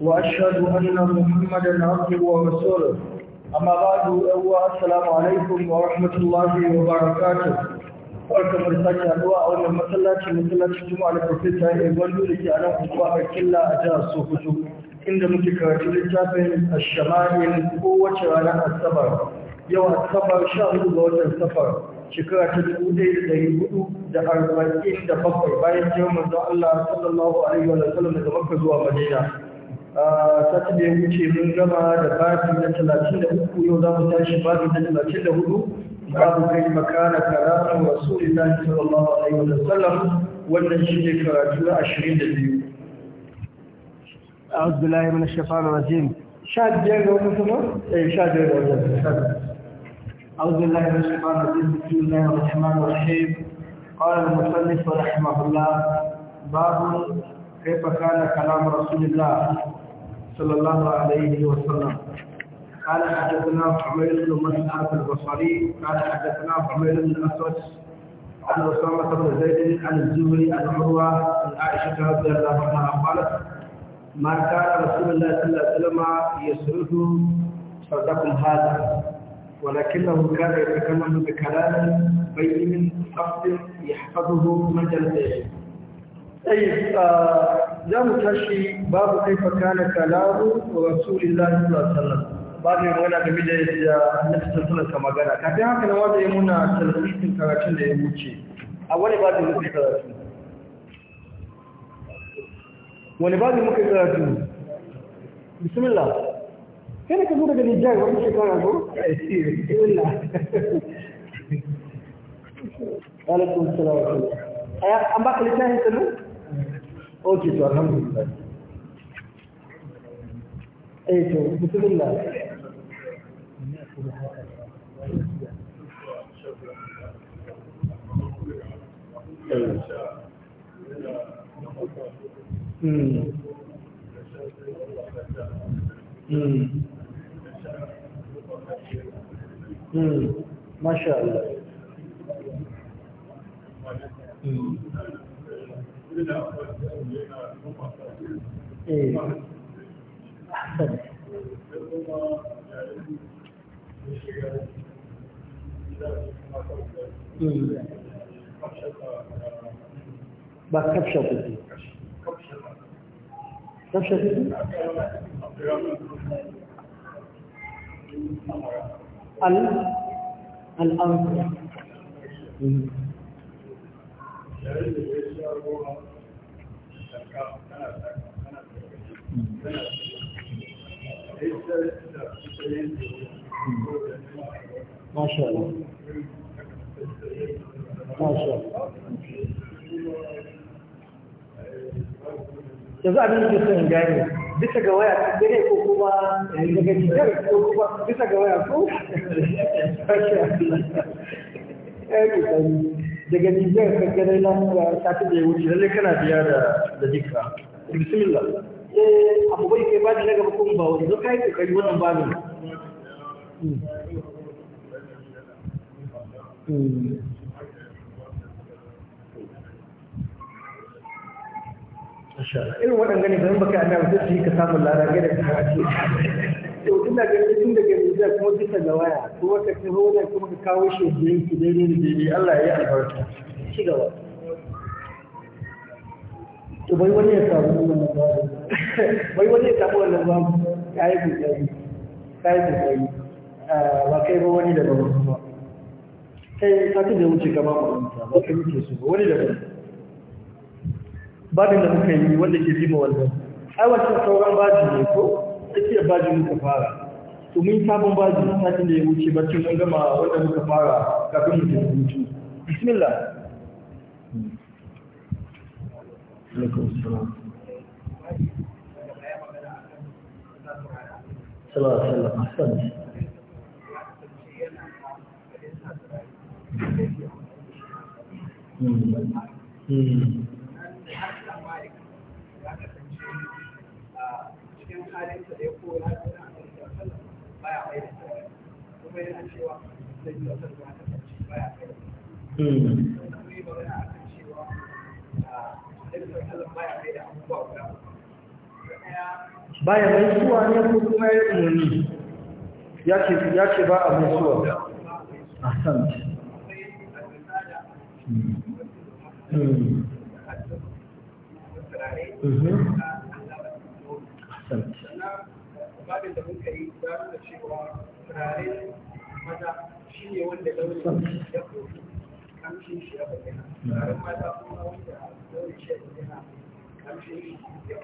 وأشهد أن محمدا عبده ورسوله أما بعد أهو السلام عليكم ورحمة الله وبركاته barka martaki addu'a a wannan masallaci masallacin juma'a da profesa ya gwandu da ke a nan kuwa a killa a jihar sokoto inda muke karatu littafin ashama'in kowace ranar asabar yau asabar sha hudu ga watan safar shekara ta dubu ɗaya da ɗari hudu da arba'in da bakwai bayan jiran manzon allah sallallahu alaihi wa sallam daga makka zuwa madina Saturday da ya wuce mun gama da babi na talatin da uku yau za mu tashi babi na talatin da hudu babu kai makana karatun rasulillahi sallallahu alaihi wa sallam wannan shi ne karatu na ashirin da biyu. أعوذ بالله من الشيطان الرجيم شاد جاء وكتبه أي شاد جاء وكتبه أعوذ بالله من الشيطان الرجيم بسم الله الرحمن الرحيم قال المصنف رحمه الله باب كيف كان كلام رسول الله صلى الله عليه وسلم قال حدثنا حميد بن مسعد البصري قال حدثنا حميد بن اسود عن اسامه بن زيد عن الزهري عن عروه عن عائشه رضي الله عنها قالت ما كان رسول الله صلى الله عليه وسلم يسرد صدقكم هذا ولكنه كان يتكلم بكلام بين قصد يحفظه من طيب زم تشي باب game da yadda annabi sallallahu magana kafin haka na wanda ya muna karatun da ya wuce a wani babu karatu wani babu muke karatu bismillah kana ka zo daga Nijar wani shekara ko bismillah alaikum salam an littafin ok to alhamdulillah eh to bismillah Hmm. Hmm. hmm. hmm. Masha Allah. Hmm. ba kafshe kuɗi kafshe kuɗi al al'amfi ما شاء الله yanzu ke bisa ga waya ta ko kuma daga ko kuma bisa ga waya ko? daga nijar kankan na eh, sati da ya wuce lalle kana biya da da bismillah eh abu bai kai ba da gaba kuma ba wani zaka yi kokari wannan ba hmm. hmm. ne irin waɗanda ne bayan baka ana wajen su yi ka samun lara gada ta ce to tun da ke da da kuma da waya wata ka zo da kuma ka kawo shi da da Allah ya albarka gaba to bai wani ya samu wannan bai wani ya samu wannan kai ku kai ku ba kai ba wani da ba kai da wuce ba ba kai su wani da babin da muka yi wanda ke bi ma wannan ai wancan sauran babu ne ko tsakiyar baji muka fara to mun sabon baji satin da ya wuce bacci mun gama wanda muka fara kafin mu tafi hutu bismillah Mm-hmm. halinsa baya mai da a suwa ne ko kuma ya yi muni ya ce ba a mai suwa a san hmm. Hmm. bayanin da muka yi za su cewa turaren maza shi ne wanda ya kamshin shi ya bayyana mm. mata kuma wanda shi ya bayyana kamshin shi ya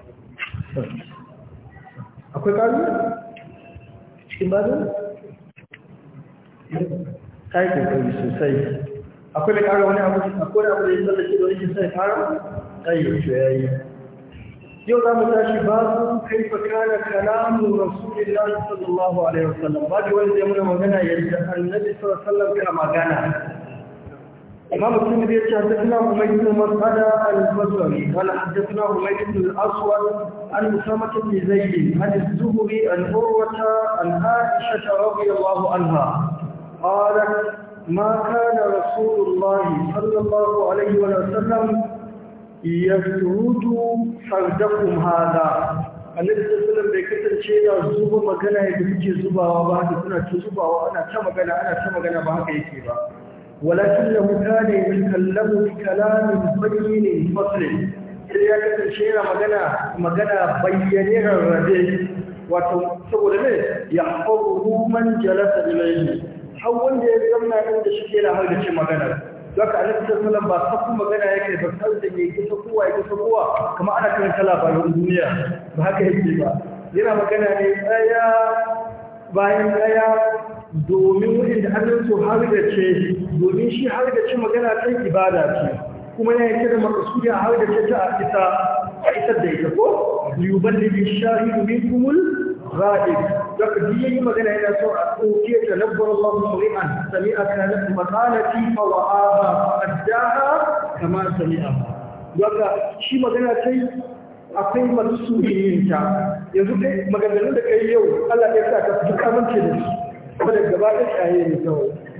akwai ƙari cikin bazin kai kokari sosai akwai da wani abu akwai da abu da ya tsallake da wani fara ya yi yau za mu tashi babu kai fakana kalamu rasulullahi sallallahu alaihi wasallam babu wanda ya muna magana yadda annabi sallallahu alaihi wasallam ka magana إمام الترمذي حدثنا حميد بن مسعدة البصري قال حدثنا حميد بن الأسود عن أسامة بن زيد عن الزهري عن عروة عن عائشة رضي الله عنها قالت ما كان رسول الله صلى الله عليه وسلم yasrudu fardakum hada annabi sallallahu bai kasance yana zuba magana yadda kuke zubawa ba haka kuna ta zubawa ana ta magana ana ta magana ba haka yake ba walakinnahu kana yakallamu bi kalamin bayyin fasl sai ya kasance yana magana magana bayyane rarrabe wato saboda me ya haqqu man jalasa ilayhi har wanda ya zamna inda shi ke da har da ce magana don ka annabi sallallahu alaihi wasallam ba sakku magana yake ba sai da yake sakuwa yake kowa? Kama ana karanta labarin duniya ba haka yake ba yana magana ne tsaya bayan tsaya domin da hannun so har da ce domin shi har da ce magana ta ibada ce kuma ya yi da makasudi a har da ce ta a isa a isar da ita ko yuban da bi shahidu min kumul غائب لقد يجي مغنى هنا سورة أوكي تنبر الله مريئا سميع كانت مقالتي فوعاها أداها كما سميعها لقد شي مغنى تي akwai masu suhiyin ta yanzu kai maganganun da kai yau Allah ya sa ka fi kamance da su saboda gaba ɗaya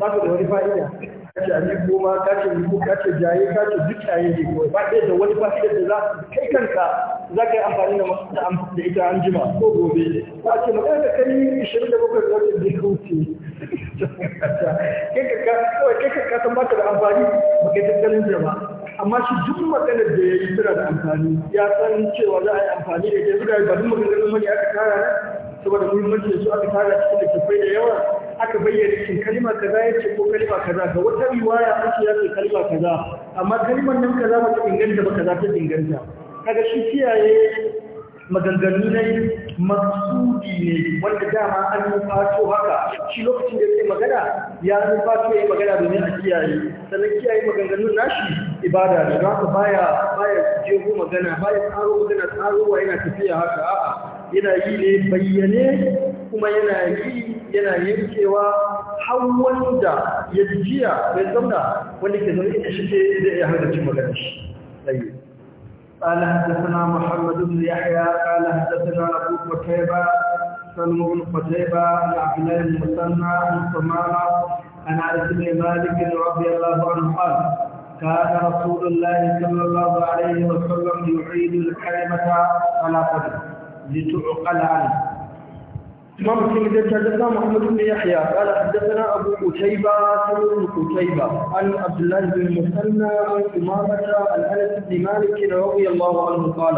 ba da wani fa'ida kace ani goma kace rubu kace jaye kace duk jaye ne kawai ba da wani fa'idar da za ka kai kanka za ka yi amfani da da ita an ko gobe ba ce magana da kai 27 ga watan da ya wuce kai ka kawai kai ka san baka da amfani ba kai tattalin jama'a amma shi duk maganar da ya yi tana da amfani ya san cewa za a yi amfani da ita yanzu ga ba duk maganganun mani aka tara saboda muhimmanci da su aka tara cikin da da yawa aka bayyana cikin kalima kaza yace ko kalima kaza ga wata riwaya ake yace kalima kaza amma kalmar nan kaza ba ta inganta ba kaza ta inganta kaga shi kiyaye maganganu ne maksudi ne wanda dama an fato haka shi lokacin da yake magana ya fato ya magana domin a kiyaye sannan kiyaye maganganun nashi ibada ne za ka baya baya jego magana baya tsaro magana tsarowa yana tafiya haka a'a yana yi ne bayyane kuma yana yi yana yankewa har wanda ya jiya ya zauna wanda ke zaune ita shi ke zai iya haɗa cin magana shi tsaye قال حدثنا محمد بن يحيى قال حدثنا ابو قتيبه سلم بن قتيبه عن عبد الله بن مسنى عن سمامه عن انس بن مالك رضي الله عنه قال كان رسول الله صلى الله عليه وسلم يعيد الكلمه على قدر لتعقل عنه إمام الترمذي حدثنا محمد بن يحيى قال حدثنا أبو قتيبة سمر قتيبة عن عبد الله بن مثنى عن إمامة عن أنس بن مالك رضي الله عنه قال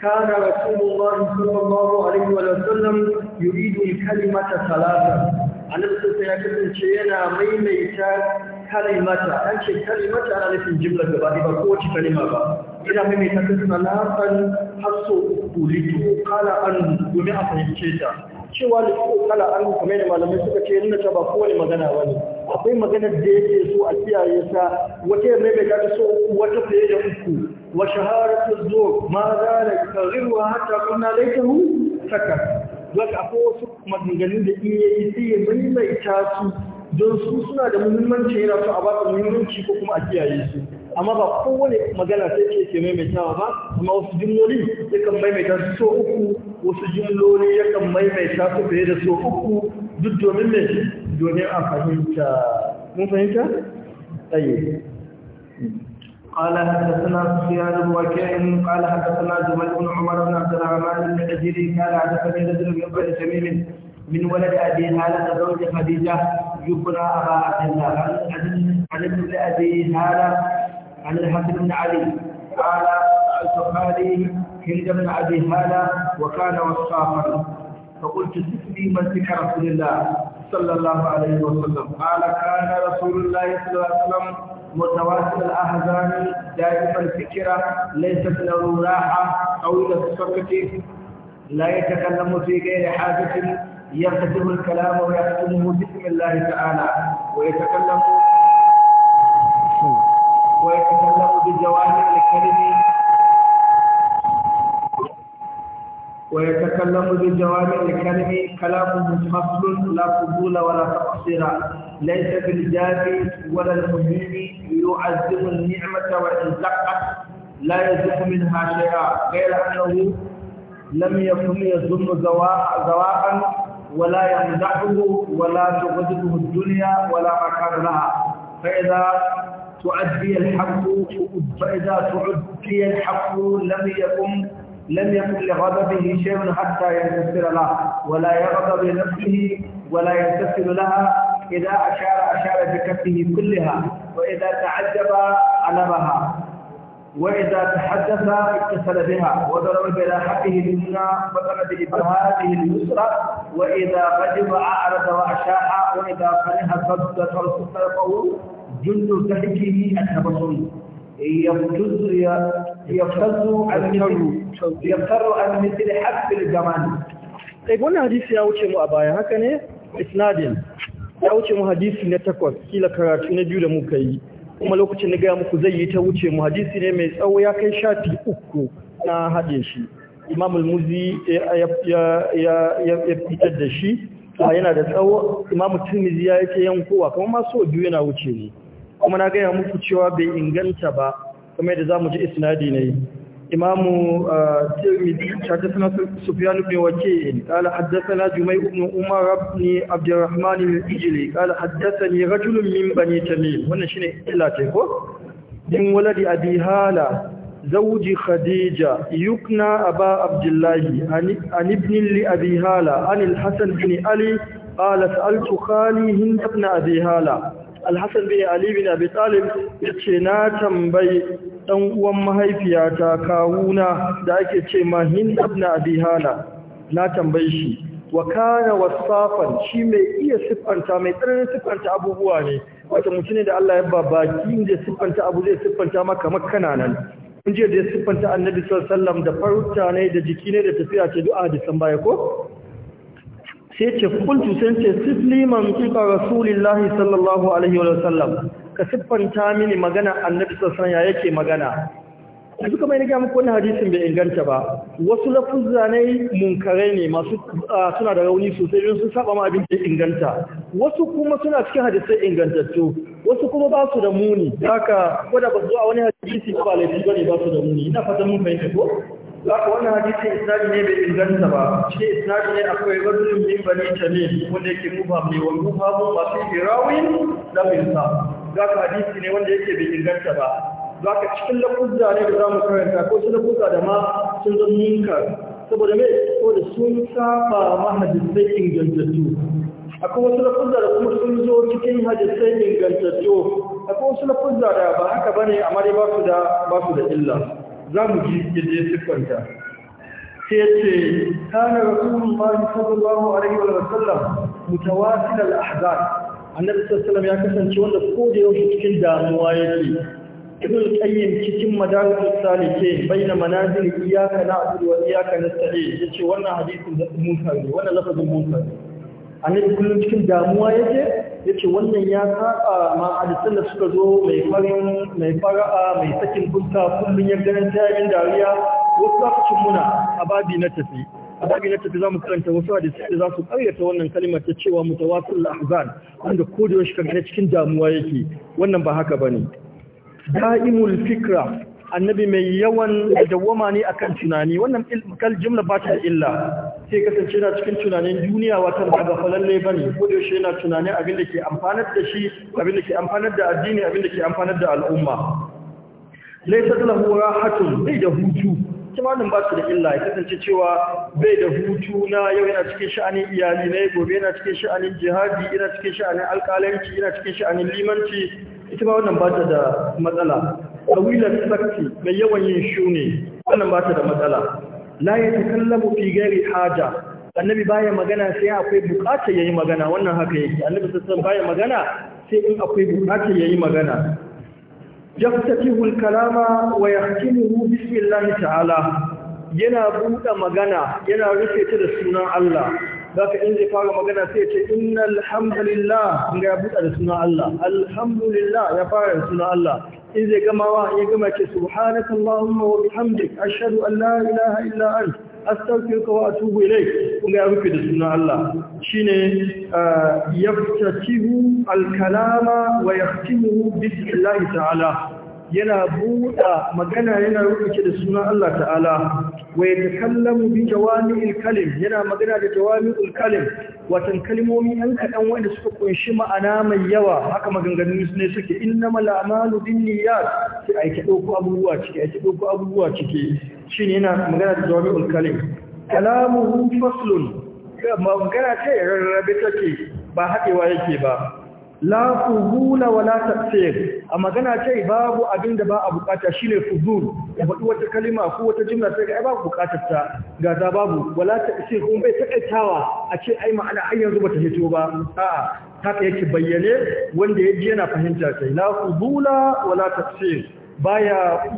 كان رسول الله صلى الله عليه وسلم يريد الكلمة ثلاثة عن السياقة شينا ميميتا كلمة أنش كلمة أنا في الجملة بعد بقوة كلمة بعد إذا ميميتا ثلاثا حسوا قلت قال أن دمع فهمتها cewa da su kala an kamar da malamai suka ce nuna ta ba kowane magana ba ne akwai magana da yake so a kiyaye sa wata mai bai ta so wata fiye da uku wa shaharatu zo ma za da karirwa hatta kuna laitahu saka akwai wasu maganganun da iya yi sai ya mai su don su suna da muhimmanci yana su a ba muhimmanci ko kuma a kiyaye su amma ba kowane magana sai ke ke maimaitawa ba amma wasu jimloli kan maimaita su so uku wasu jimloli kan maimaita su fiye da so uku duk domin ne domin a fahimta mun fahimta ayi قال حدثنا سفيان بن وكيع قال حدثنا جمال بن عمر بن عبد الرحمن بن حجيري قال حدثني رجل من بني تميم من ولد ابي هاله زوج خديجه يبنى أبا عبد الله عن ابن أبي هالة عن الحسن بن علي قال سألت خالي هند بن أبي هالة وكان وصافا فقلت سفني منسك رسول الله صلى الله عليه وسلم قال كان رسول الله صلى الله عليه وسلم متواصل الأحزان دائما الفكرة ليست له راحة طويلة السكت لا يتكلم في غير حاجة يفتتح الكلام ويختمه باسم الله تعالى ويتكلم ويتكلم بجوامع الكلم ويتكلم بجوامع الكلم كلام فصل لا قبول ولا تقصير ليس بالجاد ولا المهم يعزم النعمة وإن زقت لا يزق منها شيئا غير أنه لم يكن يزم زواقا ولا يمدحه ولا تغضبه الدنيا ولا مكان لها فإذا تؤدي الحق فإذا تؤدي الحق لم يكن لم يكن لغضبه شيء حتى ينتصر له ولا يغضب لنفسه ولا ينتصر لها إذا أشار أشار بكفه كلها وإذا تعجب علمها وإذا تحدث اتصل بها وضرب بلا حقه منا وضرب بإبهاته اليسرى وإذا غضب أعرض وأشاع وإذا كره صد طرفه جند تحكيه التبصري يبتز يبتز عن مثل يبتر عن مثل حب الجمال طيب wannan hadisi يا wuce مؤبايا هكذا baya يا ne مهديث ya wuce mu hadisi na kuma lokacin na gaya muku zai yi ta wuce mu hadisi ne mai tsawo ya kai shafi uku na haɗe shi imam muzi ya fitar da shi yana da tsawo imam tirmizi ya yake yankowa kuma masu biyu yana wuce ne kuma na gaya muku cewa bai inganta ba Kuma yadda za mu ji isnadi ne imamu uh, tirmidhi hadathana sufyan ibn wakil qala hadathana jumay ibn umar ibn abdurrahman al-ijli qala hadathani rajulun min bani tamim wannan shine illa ce ko din waladi abi hala زوج خديجة يكنى أبا عبد الله عن ابن لأبي هالة عن الحسن بن علي قال سألت خالي هند ابن أبي هالة الحسن بن علي بن أبي طالب يتشنا تنبي Dan uwan mahaifiyata kawuna da ake ce mahin Hind ibn na tambaye shi wa kana wasafan shi mai iya siffanta mai tsananin siffanta abubuwa ne wato mutum ne da Allah ya ba baki da siffanta abu zai siffanta maka makana nan kun je da siffanta Annabi sallallahu alaihi wasallam da farutta ne da jiki ne da tafiya ce du'a da san baya ko sai ce kuntu sai ce sifliman tuka rasulillahi sallallahu alaihi wa sallam ka siffanta mini magana annabi sallallahu alaihi yake magana yanzu kamar yana gama wannan hadisin bai inganta ba wasu lafuzza ne munkarai ne masu suna da rauni sosai don sun saba ma abin da inganta wasu kuma suna cikin hadisai ingantattu wasu kuma ba su da muni haka gwada ba zuwa wani hadisi ba laifi bane ba su da muni ina fata mun fahimta ko Zaka wannan hadisi isnadi ne bai inganta ba, shi isnadi ne akwai rajulun min bani tamim wanda yake mubham ne wa mubhamu ma fi rawin lam Za Zaka hadisi ne wanda yake bai inganta ba. Zaka cikin lafuzza ne da zamu karanta ko su lafuzza da ma sun zama munkar. Saboda me? da sun saba mahadisai ingantattu. akwai wasu lafuzza da kuma sun zo cikin hadisai ingantattu akwai wasu lafuzza da ba haka bane amma dai ba su da ba su da illa za mu ji yadda ya siffanta sai ce kana rasulullahi sallallahu alaihi wa sallam mutawasil al-ahzan annabi sallallahu ya kasance wanda ko da yaushe cikin damuwa yake ibn qayyim cikin madarijus salihin baina manazil iyyaka na'budu wa iyyaka nasta'in yace wannan hadisin munkari wannan lafazin munkari annabi kullum cikin damuwa yake yake wannan ya saba ma hadisin da suka zo mai farin mai fara'a mai sakin fuska kullum ya ganin tayin dariya wasu za muna a babi na tafi a babi na tafi za karanta wasu hadisai da zasu su karyata wannan kalmar ta cewa al ahzan wanda ko da yaushe kaga cikin damuwa yake wannan ba haka bane da'imul fikra annabi mai yawan dawwama ne kan tunani wannan kal jumla ba ta illa sai kasance na cikin tunanin duniya wata ba ga falalle ne ko da yaushe yana tunanin abin da ke amfanar da shi abin da ke amfanar da addini abin da ke amfanar da al'umma laysa lahu rahatun bai da hutu kimanin ba su da illa ya kasance cewa bai da hutu na yau yana cikin sha'anin iyali na gobe yana cikin sha'anin jihadi yana cikin sha'anin alƙalanci yana cikin sha'anin limanci ita ba wannan ba ta da matsala tawilar sakti mai yawan yin shu ne wannan ba ta da matsala la ya takallamu fi gari haja annabi baya magana sai akwai bukatar yayi magana wannan haka yake annabi sallallahu baya magana sai in akwai bukatar yayi magana yaftatihu al-kalama wa yahtimuhu bismillah ta'ala yana buɗe magana yana rufe ta da sunan Allah za ka in zai fara magana sai ce na alhamdulillah ga ya buɗe da sunan Allah alhamdulillah ya fara da sunan Allah in zai gamawa ya gama ce subhanaka allahumma wa bihamdik ashhadu an la ilaha illa anta astaghfiruka wa atubu ilayk kun ga rufe da sunan Allah shine yaftatihu al-kalama wa yaftimuhu bismillah ta'ala yana buɗa magana yana rubuce da sunan Allah ta'ala wa yatakallamu bi jawami'il kalim yana magana da jawami kalim watan kalmomi yan kaɗan wanda suka kunshi ma'ana mai yawa haka maganganun su ne suke innamal a'malu binniyat sai a ta dauko abubuwa ciki a ta abubuwa ciki ne yana magana da jawami'ul kalim kalamuhu faslun magana ce rarrabe take ba haɗewa yake ba la fuzula wa tafsir a magana ce babu abin da ba a bukata shine fuzul ya faɗi wata kalima ko wata jumla sai ga babu bukatar ta ga babu wala tafsir kuma bai takaitawa a ce ai ma'ana ai yanzu bata hito ba a'a haka yake bayyane wanda yaji yana fahimta sai la fuzula wa tafsir baya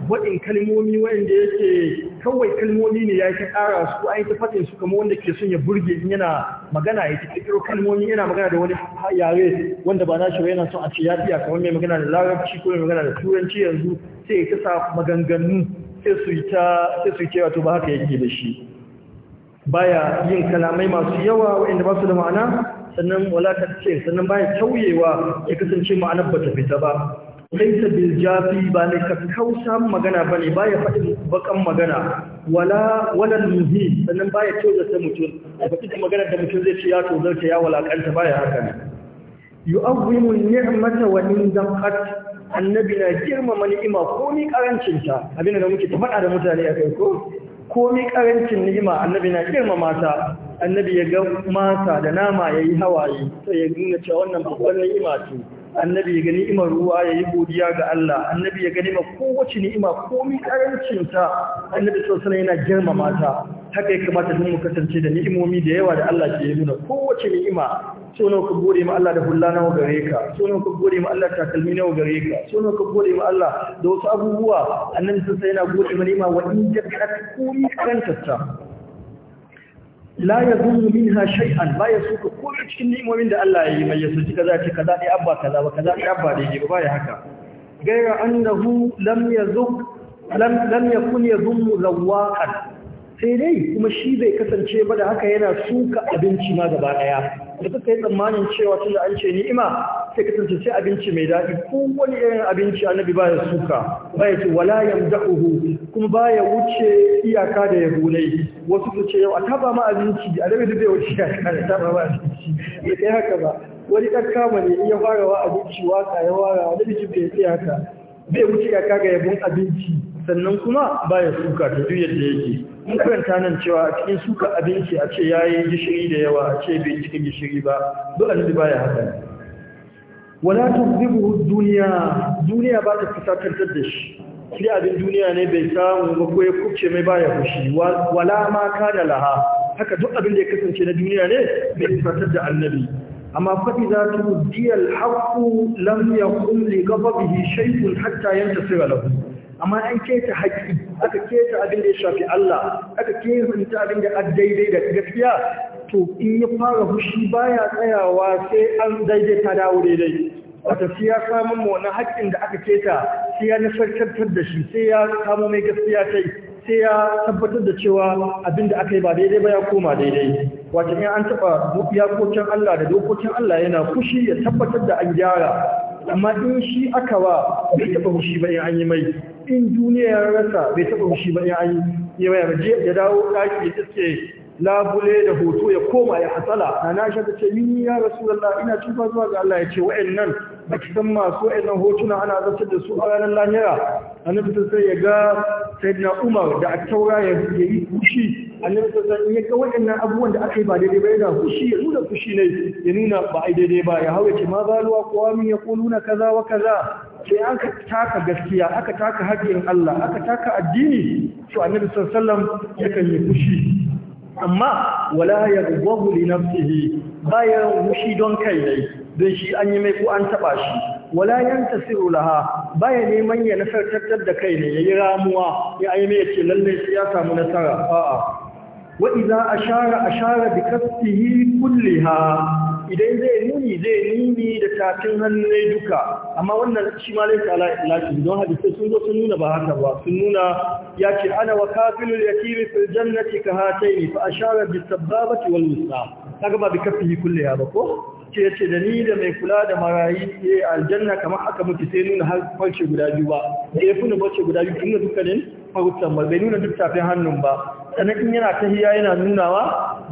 waɗin kalmomi wanda yake kawai kalmomi ne ya ta ƙara su an ta faɗin su kamar wanda ke son ya burge in yana magana ya ta ƙiro kalmomi yana magana da wani yare wanda ba na shi yana son a ce ya fiya kamar mai magana da larabci ko mai magana da turanci yanzu sai ya kasa maganganu sai su yi cewa to ba haka yake da shi baya yin kalamai masu yawa waɗanda ba su da ma'ana sannan wala ta ce sannan baya tauyewa ya kasance ma'anar ba ta fita ba laisa bil jafi ba ne ka magana ba ne ba ya faɗi bakan magana wala wala muhi sannan ba ya sai mutum ya faɗi da magana da mutum zai ce ya tozarta ya walakanta ba ya haka ne yu'awwimu ni'mata wa in zaqat annabi na girmama ni'ima ko mi karancin ta abin da muke ta faɗa da mutane akai ko ko mi karancin ni'ima annabi na girmama ta annabi ya ga mata da nama yayi hawaye sai ya gina cewa wannan babban ni'ima ce annabi ya gani imar ruwa ya yi godiya ga Allah annabi ya gani ma kowace ni'ima komi karancinta annabi sosai yana girmama ta haka ya kamata mu kasance da ni'imomi da yawa da Allah ke yi mana kowace ni'ima so nawa ka gode ma Allah da hulla nawa gare ka so nawa ka gode ma Allah takalmi nawa gare ka so nawa ka gode ma Allah da wasu abubuwa annabi sosai yana gode ma ni'ima wa in jakat komi ta. la ya zunnu minha shay'an ba ya suka komai cikin ni'imomin da Allah ya yi mai yasu ji kaza ce kaza dai abba kaza ba kaza dai abba dai ba ya haka gaira annahu lam yazuk lam lam yakun yadhum zawaqan sai dai kuma shi bai kasance ba da haka yana suka abinci ma gaba daya da kuka yi tsammanin cewa tunda an ce ni'ima sai kasance sai abinci mai daɗi wani irin abinci annabi baya suka baya ce wala yamdahu kuma baya wuce iyaka da yabunai wasu su ce yau a taba ma abinci a duk bai wuce iyaka da taba ma abinci bai kai haka ba wani ɗan kama ne iya fara wa abinci waka ya wara annabi duk bai tsaya haka bai wuce iyaka ga yabun abinci sannan kuma baya suka ta duk yadda yake mun karanta nan cewa a cikin suka abinci a ce yayi gishiri da yawa a ce bai cikin gishiri ba duk annabi baya haka wala tuzibuhu duniya duniya ba ta fusakantar da shi sai abin duniya ne bai samu ba ko ya kubce mai baya fushi wala ma da laha haka duk abin da ya kasance na duniya ne bai fusakantar da annabi amma faɗi za ta rudiya alhaƙu lam ya kumli gaba bihi shaikun hatta yanta lahu amma an keta haƙi aka keta abin da ya shafi Allah aka keta abin da daidai da gaskiya to in ya fara fushi baya tsayawa sai an daidai ta dawo daidai wata shi ya samu mu haƙƙin da aka keta sai ya nasarkantar da shi sai ya samu mai gaskiya kai sai ya tabbatar da cewa abin da aka yi ba daidai ba ya koma daidai wata in an taɓa iyakokin Allah da dokokin Allah yana fushi ya tabbatar da an gyara amma in shi aka ba bai taɓa fushi ba in an yi mai in duniya ya rasa bai taɓa fushi ba in an yi mai ya dawo ɗaki ya tsaye labule da hoto ya koma ya hasala na na shi ta ce ni ya rasulullah ina tufa zuwa ga Allah ya ce wa'annan ba san masu wa'annan hotuna ana zartar da su a ranar lahira annabi ta sai ya ga sayyidina Umar da attaura ya yi fushi annabi ta sai ya ga wa'annan abubuwan da aka yi ba daidai ba yana fushi ya nuna fushi ne ya nuna ba ai daidai ba ya hau ce ma zaluwa kowa min ya kuluna kaza wa kaza sai aka taka gaskiya aka taka haƙƙin Allah aka taka addini to annabi sallallahu alaihi wasallam yakan yi fushi amma wala yaghdabu li nafsihi baya hushi don kai dai don shi an yi mai ko an taba shi wala yantasiru laha baya neman ya nasartar da kai ne yayi ramuwa ya ai mai ce lalle sai ya samu nasara a'a wa idza ashara ashara bi kasbihi kulliha idan zai nuni zai nuni da tafin hannu ne duka amma wannan shi ma laifin alaƙi don sai sun zo sun nuna ba haka ba sun nuna ya ce ana wa kafilul yatim fil jannati ka yi fa ashara bis sababati wal wusta kaga ba bi yi kulle ya ba ko ce ce da ni da mai kula da marayi yi aljanna kamar aka muke sai nuna har farce guda biyu ba da ya guda biyu farutsan ba bai nuna duk tafin hannun ba sannan in yana tahiya yana nunawa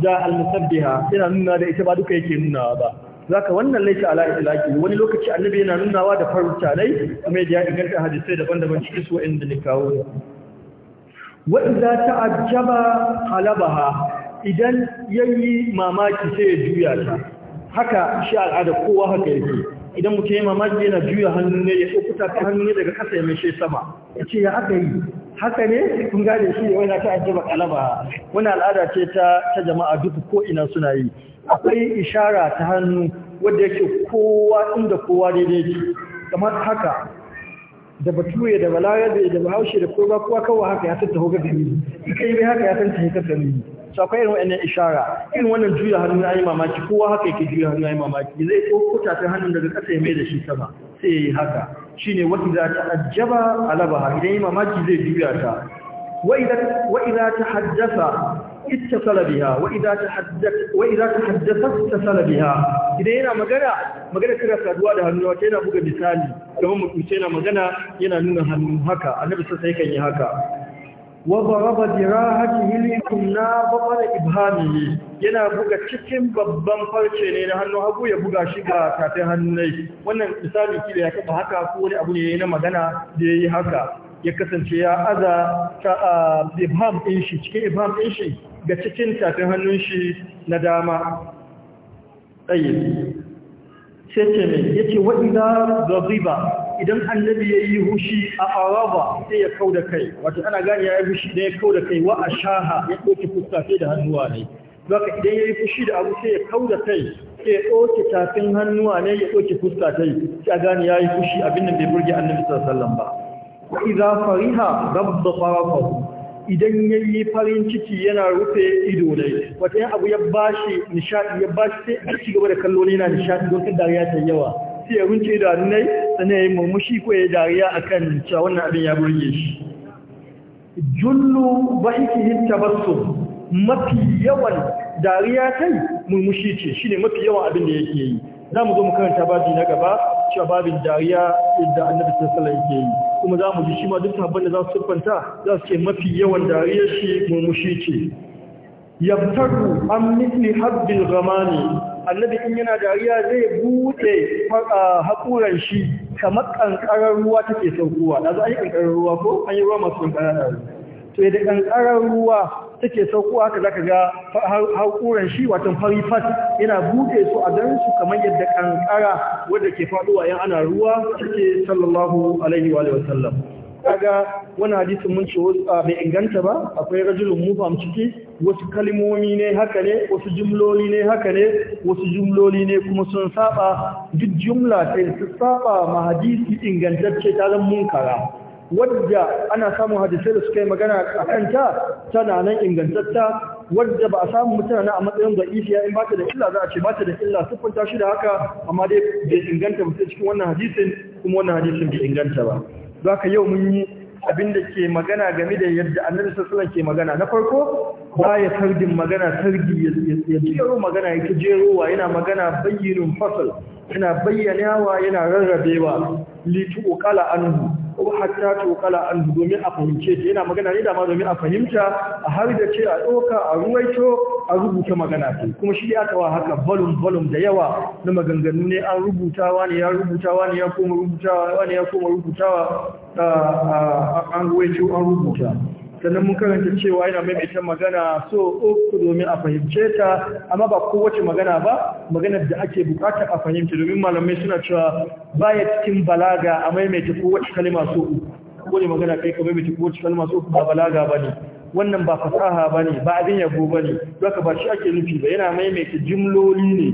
da almusabbiha yana nuna da ita ba duka yake nunawa ba zaka wannan laifi ala ilaki wani lokaci annabi yana nunawa da farutta dai kuma ya inganta hadisai daban-daban cikin su wa'anda ne kawo wa idza ta'ajjaba halabaha idan yayi mamaki sai ya juya ta haka shi al'ada kowa haka yake idan mutum ya mamaki yana juya hannu ne ya ɗaukuta ta hannu ne daga kasa ya mai sama ya ce ya aka yi haka ne kun gane shi ne wani ta ajiyar kalaba wani al'ada ce ta jama'a duka ko ina suna yi akwai ishara ta hannu wadda yake kowa inda kowa daidai ce kamar haka da batuye da balaya da bahaushe da kowa kowa kawai haka ya tattaho ga gani ita yi haka ya san haka gani su akwai irin wa'annan ishara irin wannan juya hannu ayi mamaki kowa haka yake juya hannu ayi mamaki zai ko kuta ta hannun daga ƙasa ya mai da shi sama sai ya yi haka shine wa idza alabaha idan yi mamaki zai juya ta wa idza wa idza tahaddatha ittasala biha wa idza tahaddatha idan yana magana magana tana saduwa da hannu wata yana buga misali kamar mutum yana magana yana nuna hannu haka annabi sai kan yi haka وضرب جراحته na بطن ابهامه yana buga cikin babban farce ne na hannu hagu ya buga shi ga tafin hannunai wannan misali kila ya taba haka ko wani abu ne na magana da yayi haka ya kasance ya aza ta ibham din shi cikin ibham din shi ga cikin tafin hannun shi na dama tayyib sai ce ne yace wa idza ghadiba idan annabi ya yi hushi a araba sai ya kau da kai wato ana gani ya yi hushi da ya kau da kai wa a shaha ya ɗauki fuskafe da hannuwa ne zaka idan ya yi fushi da abu sai ya kau da kai sai ya ɗauki tafin hannuwa ne ya ɗauki fuskafe sai a gani ya yi fushi abin da bai burge annabi sallallahu ba wa idza fariha rabba farafahu idan ya yi farin ciki yana rufe ido ne wata yin abu ya bashi nishadi ya bashi sai a ci gaba da kallo ne yana nishadi don kan dariya ta yawa sai ya runce da nai sannan ya yi murmushi ko ya dariya akan cewa wannan abin ya burge shi jullu bahikihi tabassum mafi yawan dariya kai murmushi ce shi ne mafi yawan abin da yake yi za mu zo mu karanta babi na gaba cewa babin dariya yadda annabi sallallahu yake yi kuma za mu ji shi ma duk sahabban da za su siffanta za su ce mafi yawan dariya shi murmushi ce yabtaru an misli habbil ghamani annabi in yana dariya zai bude ah, haƙuran shi kamar ƙanƙarar ruwa take saukowa da za a yi ƙanƙarar ruwa ko an yi ruwa masu ƙanƙarar ruwa to yadda ƙanƙarar ruwa take saukowa haka ka ga haƙuran shi watan fari fat yana bude su a dan su kamar yadda ƙanƙara wadda ke faɗuwa yan ana ruwa take sallallahu alaihi wa sallam kaga wani hadisin mun ce bai inganta ba akwai rajulun mufam ciki wasu kalmomi ne haka ne wasu jumloli ne haka ne wasu jumloli ne kuma sun saba duk jumla sai su saba ma hadisi ingantacce ta zan munkara wadda ana samun hadisai da suka yi magana a kanta tana nan ingantatta wadda ba a samu mutane a matsayin da isiya in ba ta da illa za a ce ba ta da illa ta shi da haka amma dai bai inganta mutum cikin wannan hadisin kuma wannan hadisin bai inganta ba Zaka yau mun yi abinda ke magana game da yadda annabi sallallahu alaihi ke magana na farko baya sardin magana sargi ya jero magana yake jerowa yana magana bayyinun fasal yana bayyanawa yana rarrabewa lituqala anhu ko hatta tuqala anhu domin a fahimce ta yana magana ne da ma domin a fahimta a har da ce a doka a ruwaito a rubuta magana ce kuma shi ya tawa haka volume volume da yawa na maganganu ne an rubutawa ne ya rubutawa ne ya koma rubutawa ne ya koma rubutawa a an ruwaito an rubuta sannan mun karanta cewa yana maimaita magana so uku domin a fahimce ta amma ba kowace magana ba maganar da ake bukatar a fahimta domin malamai suna cewa baya cikin balaga a maimaita kowace kalma so uku kowace magana kai ka maimaita kowace kalma so uku ba balaga ba ne wannan ba fasaha ba ne ba abin yabo ba ne haka ba shi ake nufi ba yana maimaita jimloli ne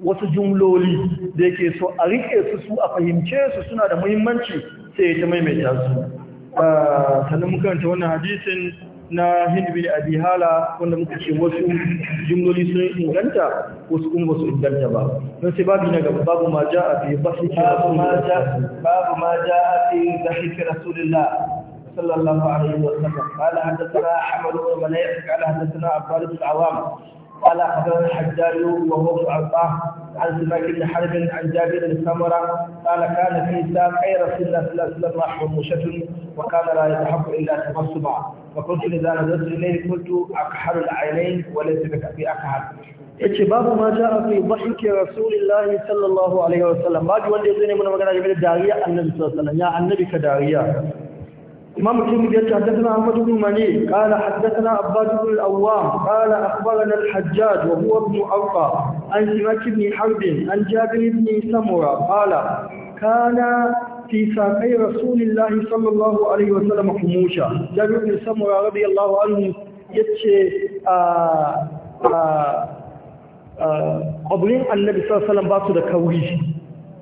wasu jumloli da yake so a riƙe su su a fahimce su suna da muhimmanci sai ya ta maimaita su Ah, sannan muka karanta wannan hadisin na Hind bin Abi Hala wanda muka ce wasu jumloli sun inganta wasu kuma wasu inganta ba don sai babu na gaba babu ma ja'a fi basu babu ma ja'a babu ma ja'a fi dhikr rasulillah صلى الله عليه وسلم قال حدثنا احمد بن منيع قال حدثنا عبد الله بن العوام قال أخبر الحجاج وهو في عن سماك بن حرب عن جابر بن السمرة قال كان في إسلام أي رسول الله صلى الله عليه وسلم ومشت وكان لا يتحق إلا تبصما فقلت إذا نزلت إليه قلت اكحل العينين وليس بك في اكحل. اتباب ما جاء في ضحك رسول الله صلى الله عليه وسلم ما جوان يزيني من مقرأة جبل الدارية النبي صلى الله عليه وسلم يا النبي كدارية إمام الترمذي حدثنا أحمد بن مني قال حدثنا عباد بن الأوام قال أخبرنا الحجاج وهو ابن أرقى عن سمك بن حرب عن جابر بن سمرة قال كان في ساقي رسول الله صلى الله عليه وسلم حموشا جابر بن سمرة رضي الله عنه يتشي آآ آآ آآ قبلين النبي صلى الله عليه وسلم باسو دا كوري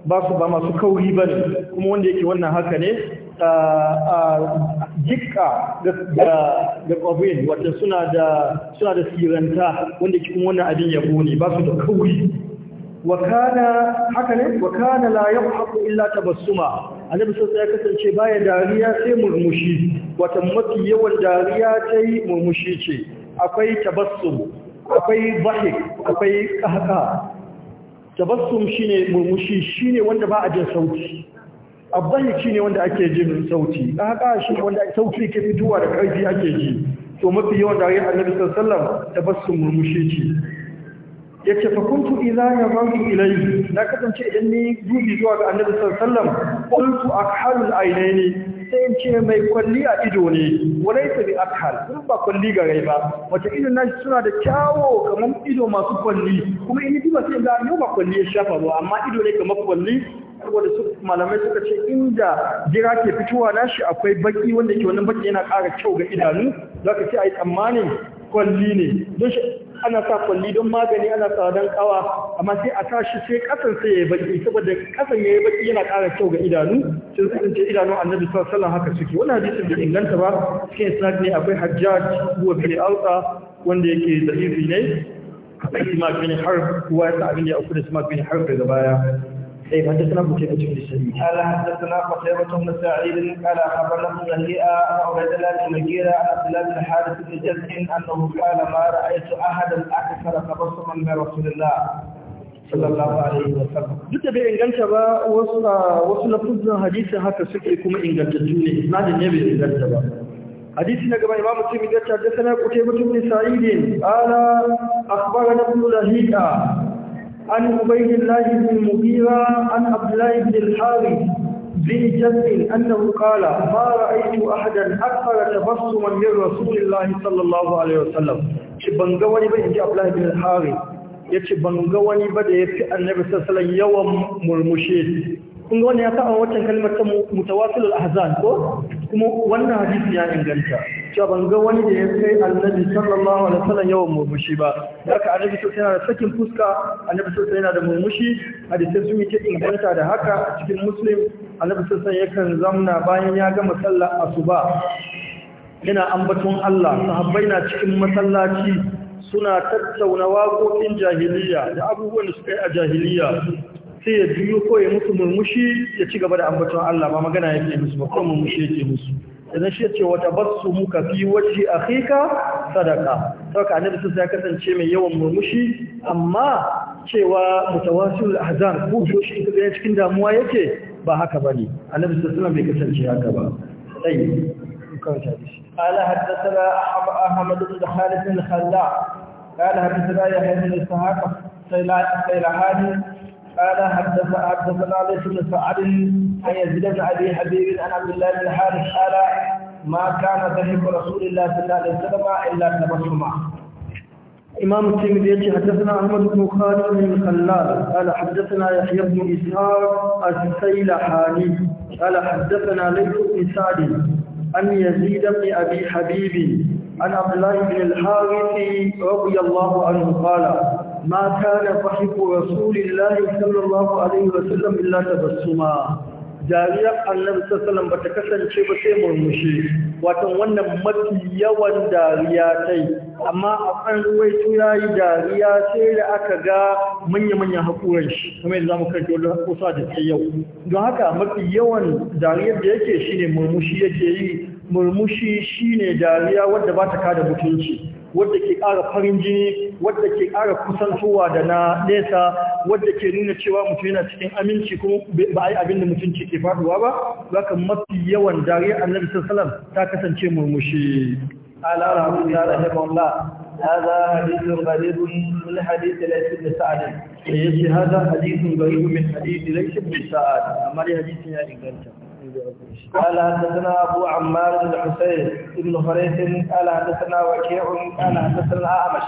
باسو با ماسو كوري بني كما وندي يكي wannan haka ne jikka da Kwabin wata suna da siranta wanda cikin wannan abin yabo ne ba su da kauri wakana haka ne wakana la yaqhaqu illa tabassuma annabi sai ya kasance baya dariya sai murmushi wata mafi yawan dariya yi murmushi ce akwai tabassum akwai bahik akwai qahqa tabassum shine murmushi shine wanda ba a jin sauti abbahi ne wanda ake jin sauti haka shi wanda sauti ke fitowa da karfi ake ji to mafi yawan da ya annabi sallallahu alaihi wasallam tabassum murmushi ci yace fa kuntu idza yamantu ilayhi na kasance idan ni dubi zuwa ga annabi sallallahu alaihi wasallam qultu akhalul aynaini sai in ce mai kwalli a ido ne walaysa bi akhal kuma ba kwalli ga rai ba wace ido nashi suna da kyawo kamar ido masu kwalli kuma in diba sai ga yau ba kwalli ya shafa ba amma ido ne kamar kwalli saboda su malamai suka ce inda jira ke fitowa nashi akwai baki wanda ke wannan baki yana ƙara kyau ga idanu za ka ce a yi tsammanin kwalli ne don shi ana sa kwalli don magani ana sa don kawa amma sai a tashi sai kasan sai ya baki saboda kasan ya yi baki yana ƙara kyau ga idanu sun kasance idanun annabi sallallahu haka suke wani hadisin da inganta ba cikin isnad ne akwai hajjaj huwa bin alqa wanda yake da ne akwai ismail bin har kuwa ya sa abin da ya auku da ismail bin har daga baya طيب حدثنا ابو كيف بن سعيد قال حدثنا قتيبة بن سعيد قال اخبرنا ابن لهيئة عن عبيد الله بن مغيرة عن عبد الله بن حارث بن جزء انه قال ما رايت احدا اكثر تبسما من رسول الله duk da bai inganta ba wasu lafuzin hadisi haka suke kuma ingantattu ne isnadin ne bai inganta ba hadisi na gaba imamu ce mai gata da sanar kuke mutum ne sa'idin عن عبيد الله بن المغيرة عن عبد الله بن الحارث بن جد أنه قال ما رأيت أحدا أكثر تبسما من رسول الله صلى الله عليه وسلم شبنغ وني بن عبد الله بن الحارث yace ban ga wani ba da yafi annabi sallallahu alaihi yawan murmushe kun ga wannan ya ta'a waccan kalmar ta mutawasil al-ahzan ko kuma wannan hadisi ya inganta cewa ban ga wani da ya kai annabi sallallahu alaihi wasallam yawan murmushi ba haka annabi sallallahu yana da sakin fuska annabi sallallahu yana da murmushi hadisi sun yi ta inganta da haka a cikin muslim annabi sallallahu yakan zamna bayan ya gama sallar asuba yana ambaton Allah sahabbai na cikin masallaci suna tattauna wakokin jahiliya da abubuwan da suka yi a jahiliya sai ya juyo ko ya mutu murmushi ya ci gaba da ambaton Allah ba magana ya yake musu ba ko murmushi yake musu idan shi ya ce wata basu muka fi waje akhika sadaka saboda annabi sun ya kasance mai yawan murmushi amma cewa mutawasil ahzan ko shi kaga cikin damuwa yake ba haka bane annabi sallallahu alaihi bai kasance haka ba sai كوتا قال حدثنا احمد بن خالد الخلاع قال حدثنا يحيى بن اسحاق سيلعاني قال حدث حدثنا ليس بن سعد عن يزيد بن ابي حبيب عن عبد الله بن الحارث قال ما كان ذهب رسول الله صلى الله عليه وسلم الا تبسما إمام الترمذي حدثنا أحمد بن خالد بن خلال قال حدثنا يحيى بن إسحاق السيلحاني قال حدثنا ليث بن سعد عن يزيد بن أبي حبيب عن عبد الله بن الحارث رضي الله عنه قال ما كان ضحك رسول الله صلى الله عليه وسلم إلا تبسما dariyar annabi sallallahu bata kasance ba sai murmushi wato wannan mafi yawan dariya tai amma a kan ruwaito yayi dariya sai da aka ga manya-manyan hakuran shi kuma yanzu mu karanta wannan kusa da sai yau don haka mafi yawan dariyar da yake shine murmushi yake yi murmushi shine dariya wadda ba ta kada mutunci wadda ke ƙara farin jini wadda ke ƙara kusantowa da na nesa wadda ke nuna cewa mutum yana cikin aminci kuma ba a yi abin da mutum ke faɗuwa ba za ka mafi yawan dariya annabi sallallahu ta kasance murmushi alhamdulillah rahimahullah هذا حديث غريب من حديث ليس بن سعد هذا حديث غريب من حديث ليس بن سعد أما حديث يعني غريب قال حدثنا أبو عمار بن حسين بن فريث قال حدثنا وكيع قال حدثنا الأعمش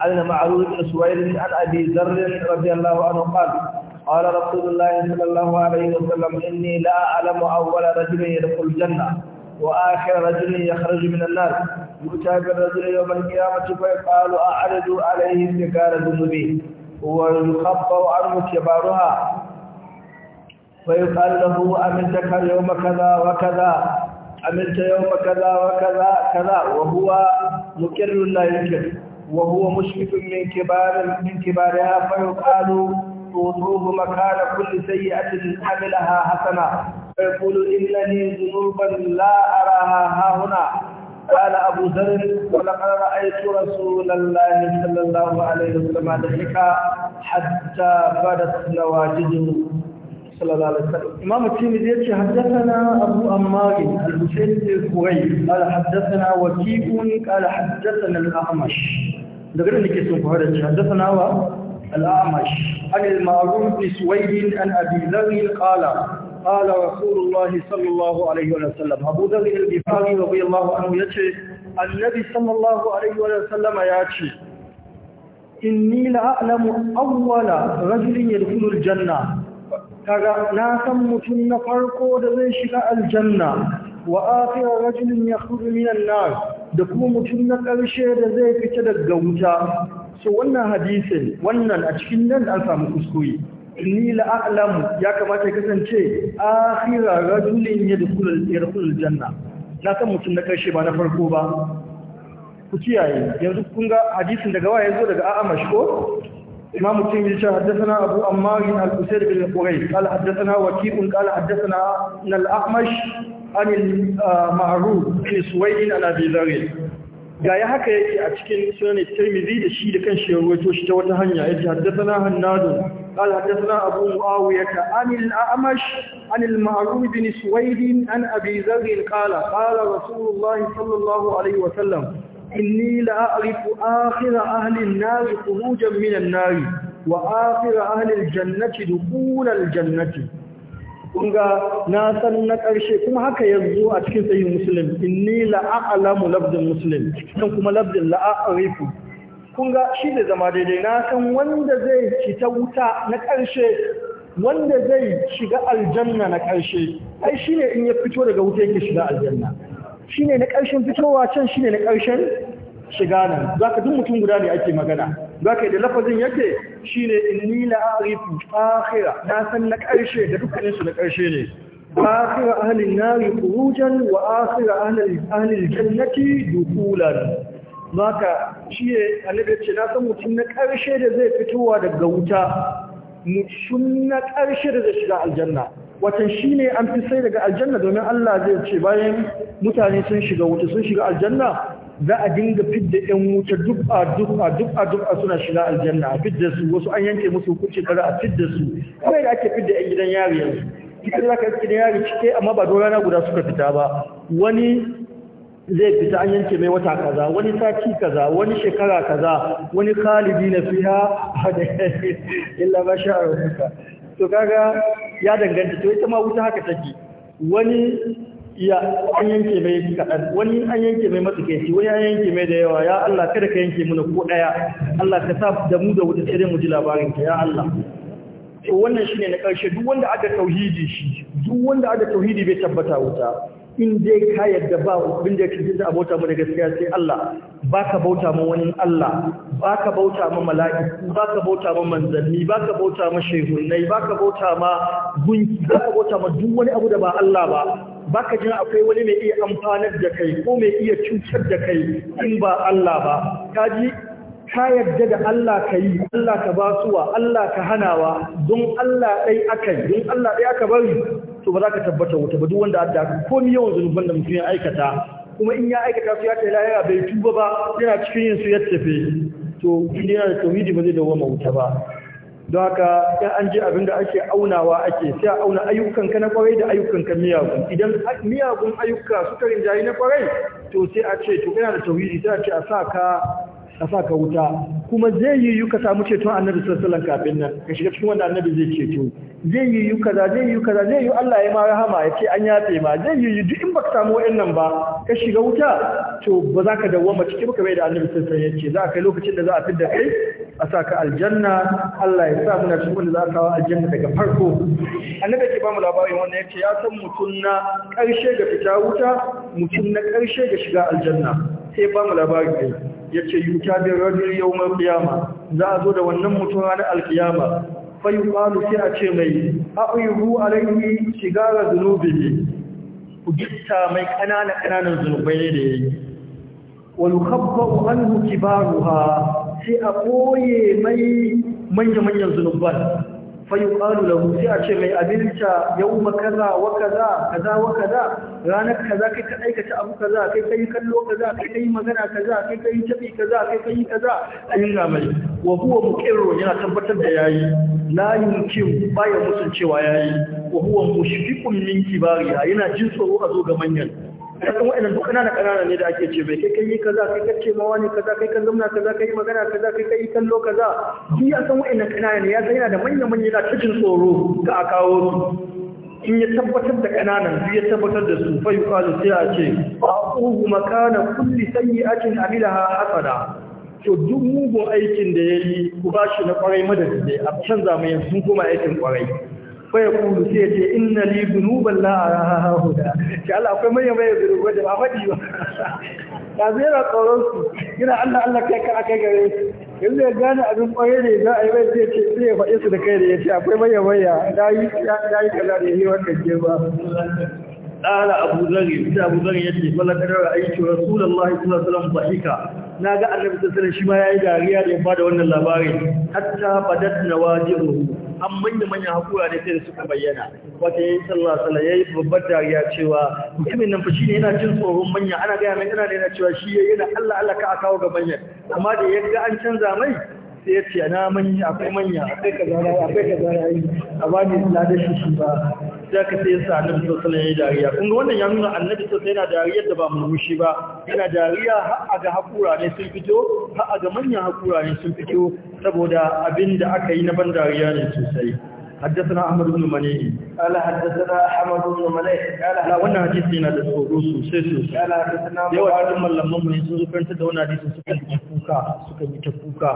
عن معروف بن سويد عن أبي ذر رضي الله عنه قال قال رسول الله صلى الله عليه وسلم إني لا أعلم أول رجل يدخل الجنة وآخر رجل يخرج من النار يؤتى بالرجل يوم القيامة فيقال أعرض عليه سكار ذنوبه ويخبر عنه كبارها ويقال له أمنتك يوم كذا وكذا أمنت يوم كذا وكذا كذا وهو مكر لا ينكر وهو مشرف من كبار من كبارها فيقال توضوه مكان كل سيئة عملها حسنة فيقول إنني ذنوبا لا أراها ها هنا قال أبو ذر ولقد رأيت رسول الله صلى الله عليه وسلم ذلك حتى بدت نواجذه صلى الله عليه وسلم إمام الترمذي يقول حدثنا أبو عمار الحسين بن كريب قال حدثنا وكيع قال حدثنا الأعمش دغنا نكي سن فهرج حدثنا و الأعمش عن المعروف بن سويد عن أبي ذر قال قال رسول الله صلى الله عليه وسلم أبو ذر الغفاري رضي الله عنه يقول النبي صلى الله عليه وسلم يقول إني لأعلم أول رجل يدخل الجنة kaga na san mutum na farko da zai shiga aljanna wa akhirar rajulin yakhruju minan nar da kuma mutum na karshe da zai fita daga wuta so wannan hadisin wannan a cikin nan an samu kuskure ni alamu ya kamata ya kasance akhirar rajulin yadkhulul janna na san mutum na ƙarshe ba na farko ba ku kiyaye yanzu kun ga hadisin daga waye zo daga a'amash ko إمام الترمذي حدثنا أبو أمار الأسير بن قريش قال حدثنا وكيء قال حدثنا من الأعمش عن المعروف في سويد عن أبي ذر ga ya haka سنة a cikin sunan Tirmidhi da shi da kan shi rawaito shi ta قال حدثنا أبو معاوية عن الأعمش عن المعروف بن سويد عن أبي ذر قال قال رسول الله صلى الله عليه وسلم inni la'arifu akhir ahli an-nar khurujan min an-nar wa akhir ahli jannati dukhul al-jannati kunga na san na karshe kuma haka yanzu a cikin sahihin muslim inni la'alamu labdin muslim kan kuma labdin lafzin la'arifu kunga shi da zama daidai na san wanda zai cita wuta na karshe, wanda zai shiga aljanna na karshe. ai shine in ya fito daga wuta yake shiga aljanna shine na karshen fitowa can shine na karshen. shiga nan za ka duk mutum guda ne ake magana za ka yi da lafazin yake shi ne inni la'arifu akhira na san na ƙarshe da dukkaninsu na ƙarshe ne akhira ahalin nari kurujan wa akhira ahalin jannati dukulan za ka shi ne annabi ce na san mutum na ƙarshe da zai fitowa daga wuta mutum na ƙarshe da zai shiga aljanna watan shi ne an fi sai daga aljanna domin Allah zai ce bayan mutane sun shiga wuta sun shiga aljanna za a dinga fidda yan wuta duk a duk a duk a duk a suna shiga aljanna a fidda su wasu an yanke musu hukunci kaza a fidda su kuma da ake fidda yan gidan yari yanzu za zaka yi gidan yari cike amma ba don rana guda suka fita ba wani zai fita an yanke mai wata kaza wani sati kaza wani shekara kaza wani khalidi na fiha illa ba sha to kaga ya danganta to ita ma wuta haka take wani iya an yanke mai kaɗan wani an yanke mai matsakaici wani an yanke mai da yawa ya Allah kada ka yanke mana ko ɗaya Allah ka sa da mu da wuta sai mu ji labarin ka ya Allah to wannan shine na ƙarshe duk wanda aka tauhidi shi duk wanda aka tauhidi bai tabbata wuta in dai ka yadda ba abin da yake da abota mu da gaskiya sai Allah baka bauta mu wani Allah baka bauta mu mala'iku baka bauta mu manzanni baka bauta mu shehunai baka bauta ma gunki baka bauta ma duk wani abu da ba Allah ba baka jin akwai wani mai iya amfanar da kai ko mai iya cutar da kai in ba Allah ba kaji ka yarda da Allah ka yi Allah ka basuwa Allah ka hanawa don Allah ɗai aka don Allah ɗai aka bari to ba za ka tabbata wuta ba duk wanda adda ko mi yawan zunuban da mutum ya aikata kuma in ya aikata su ya kai lahira bai tuba ba yana cikin yin su ya tafi to inda yana da tauhidi ba zai dawo wuta ba don haka in an ji abin da ake aunawa ake sai a auna ka na kwarai da ayyukan ka miyagun idan miyagun ayyuka suka rinjaye na kwarai to sai a ce to kana da tauhidi sai a ce a sa ka a sa ka wuta kuma zai yi yuka samu ceton annabi sallallahu kafin nan ka shiga cikin wanda annabi zai ceto zai yi yi kaza zai yi kaza zai yi Allah ya ma rahama ya ce an yafe ma zai yi duk in baka samu wayannan ba ka shiga wuta to ba za ka dawwama cikin baka bai da annabi sassan ya ce za ka kai lokacin da za a fidda kai a sa ka aljanna Allah ya sa muna cikin wanda za a kawo aljanna daga farko annabi ke ba mu labarin wannan ya ce ya san mutum na karshe ga fita wuta mutum na karshe ga shiga aljanna sai ba mu labarin kai. yace yuta bi rajul yawmal qiyama za a zo da wannan mutum ranar alkiyama fa yuqalu sai a ce mai a aqiru alayhi shigara dhunubihi ku gitta mai kanana kananan zunubai ne da yayi wa yukhabbu anhu kibaruha sai a koye mai manya manyan zunubai fayuqalu lahu sai a ce mai abinta yawma kaza wa kaza kaza wa kaza ranar kaza kai ka aikata abu kaza kai kai kallo kaza kai kai magana kaza kai kai tabi kaza kai kai kaza ayyuna mai wa huwa muqirru yana tabbatar da yayi la yumkin baya mutun cewa yayi wa huwa mushfiqun min kibariya yana jin tsoro a zo ga manyan kasan wa'annan duk ƙanana ƙanana ne da ake ce mai kai yi kaza kai kace ma wani kaza kai kan zamna kaza kai magana kaza kai kai kallo kaza duk ya san wa'annan ƙanana ne ya san yana da manyan manyan yana cikin tsoro ga a kawo su in ya tabbatar da ƙananan duk ya tabbatar da su fa yuqalu sai a ce a'udhu makana kulli sayyi'atin amilaha hasana to duk mugun aikin da yayi ku bashi na kwarai madadi a canza mai sun koma aikin kwarai fai kulu sai ce inna li dunuban la araha huda shi Allah akwai manyan manyan zunuba da ba faɗi ba ka zai yana tsoron su ina Allah Allah kai ka kai gare su in ya gane abin ƙwaye ne za a yi mai sai ce sai ya faɗi su da kai da ya ce akwai manyan manyan da yi kaza da yi wannan ke ba ƙala abu zari da abu zari ya ce fala aiki rasulullahi sallallahu bahika na ga annabi sallallahu shi ma yi dariya da ya bada wannan labari hatta badat nawajihu an manya manya hakura ne sai da suka bayyana wata yayi sallallahu alaihi ya yi babbar dariya cewa mutumin nan fa ne yana jin tsoron manya ana gaya min yana na cewa shi yana da Allah Allah ka kawo ga manyan amma da ga an canza mai sai ya na manya akwai manya akwai akwai a shi shi ba sai ka sai annabi dariya kun wannan ya nuna annabi sosai yana dariyar da ba murmushi ba yana dariya har ga hakura ne sun fito har ga manya hakura ne sun fito saboda abinda aka yi na ban dariya ne sosai حدثنا أحمد بن مني قال حدثنا أحمد بن مني قال لا وانا حديثنا دسوروس سيسوس قال حدثنا يوم علم من يسوس كنت دونا حديث تفوكا سكن تفوكا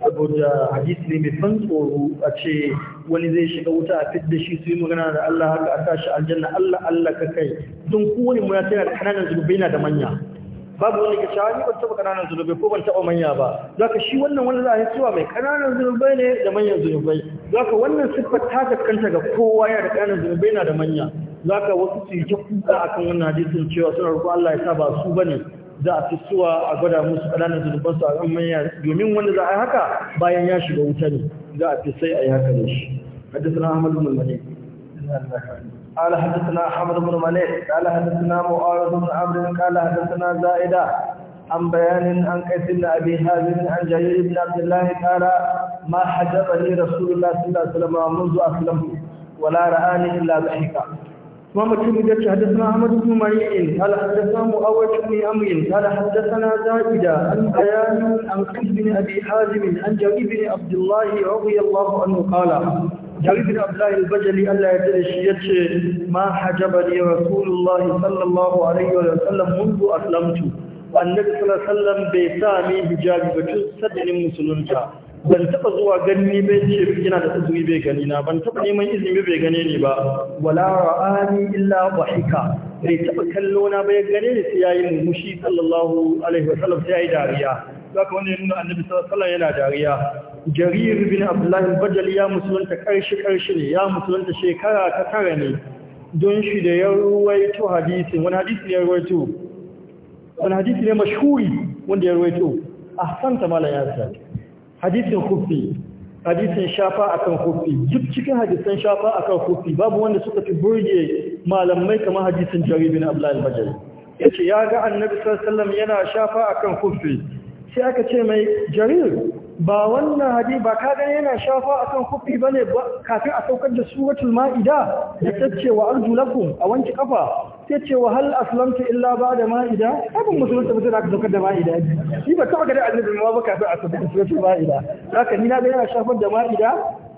saboda hadisi ne mai fan tsoro a ce wani zai shiga wuta a fit da shi su yi magana da Allah haka a tashi aljanna Allah Allah ka kai don kowane muna tana da kananan zunubai na da manya babu wani kace ni ban taba kananan zunubai ko ban taba manya ba zaka shi wannan wani za a yi cewa mai kananan zunubai ne da manyan zunubai zaka wannan siffar ta gaskanta ga kowa ya da kananan zunubai na da manya zaka wasu su yi ta kuka akan wannan hadisin cewa suna roƙo Allah ya sa ba su bane za a fi a gwada musu ƙananan zunubansu a ɗan manya domin wanda za a yi haka bayan ya shiga wuta ne za a fi sai a yi haka ne shi hadda suna hamadu mulmale ala hadda suna hamadu mulmale ala hadda suna ma'awar kala hadda za'ida an bayanin an kaifi na abin hazin an jayi na abdullahi kara ma hajjaba sallallahu alaihi wa sallam wa mun zuwa wala ra'ani illa zahika محمد بن جبش حدثنا أحمد بن مريء قال حدثنا مؤوج بن أمر قال حدثنا زائدة عن بيان عن قيس بن أبي حازم عن جرير بن عبد الله رضي الله عنه قال جرير بن عبد الله البجلي ألا يتلش ما حجبني رسول الله صلى الله عليه وسلم منذ أسلمت annabi sallallahu alaihi wasallam bai sa ni hijabi ba tun sadin musulunta ban taba zuwa gani bai ce yana da uzuri bai gani na ban taba neman izini bai gane ni ba wala ra'ani illa dhahika bai taba kallo na bai gane ni sai yayi mumushi sallallahu alaihi wasallam sai yayi dariya zaka wani nuna annabi sallallahu alaihi yana dariya jarir bin abdullah bajali ya musulunta karshe karshe ne ya musulunta shekara ta tara ne don shi da ya ruwaito hadisin wani hadisi ne ya ruwaito wani hadisi ne mashhuri wanda ya ruwaito ahsanta malan yasir hadisin kufi hadisin shafa akan kufi duk cikin hadisan shafa akan kufi babu wanda suka fi burge malamai kamar hadisin jarir bin abdullah al-bajali yace ya ga annabi sallallahu alaihi wasallam yana shafa akan kufi sai aka ce mai jarir ba wannan hadi ba ka gani yana shafa a akan kufi ba bane kafin a saukar da suratul maida da tace wa arjulakum a wanki kafa ce wa hal aslamtu illa ba da maida abin musulunta ba sai ka saukar da maida shi ba taba gani annabi ma ba kafin a saukar da suratul maida haka ni na ga yana shafar da maida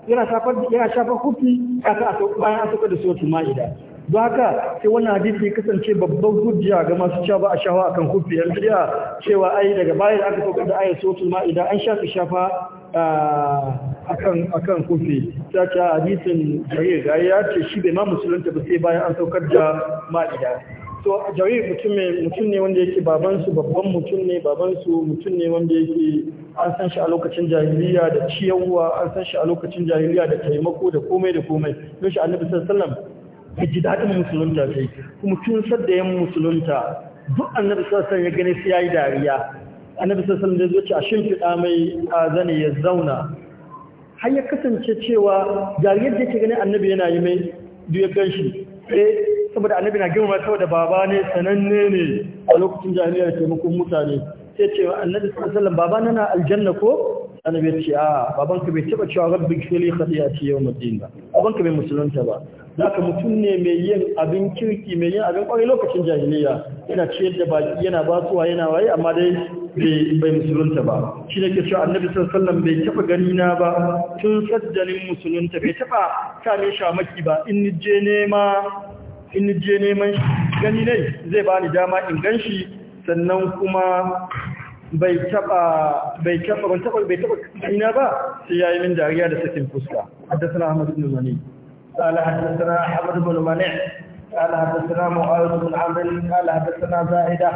yana shafar yana shafar kufi kafin a saukar da suratul maida don haka sai wannan hadisi ya kasance babban hujja ga masu cewa ba a shafa akan kufi yan jira cewa ai daga baya da aka saukar da ayat sotul ma'ida an shafi shafa akan akan kufi ta ce hadisin jarir ga ya ce shi bai ma musulunta ba sai bayan an saukar da ma'ida to jarir mutum ne mutum ne wanda yake baban su babban mutum ne baban su mutum ne wanda yake an san shi a lokacin jahiliya da ciyawwa an san shi a lokacin jahiliya da taimako da komai da komai don shi annabi sallallahu alaihi wasallam ya ji daɗin musulunta sai kuma tun sadda yan musulunta duk annabi sassan ya gani sai ya dariya annabi sassan da zuci a shimfiɗa mai zane ya zauna har ya kasance cewa dariyar da ke gani annabi yana yi mai duk ya shi sai eh, saboda annabi na girma saboda baba ne sananne ne a lokacin jahiliyar taimakon mutane sai cewa annabi sassan baba na aljanna ko annabi ya ce a babanka bai taba cewa rabbi kili khadiyati yau din ba babanka bai musulunta ba zaka mutum ne mai yin abin kirki mai yin abin kwarai lokacin jahiliya yana ciyar da baki yana basuwa yana waye amma dai bai musulunta ba shi ne ke cewa annabi sallallahu bai taba gani na ba tun saddanin musulunta bai taba kame shamaki ba in je je neman gani ne zai bani dama in gan shi sannan kuma bai taba bai taba ban taba bai taba ina ba sai yayi min dariya da sakin fuska haddathana Ahmad ibn Mani قال حدثنا حمد بن منع قال حدثنا معاذ بن عمرو قال حدثنا زائدة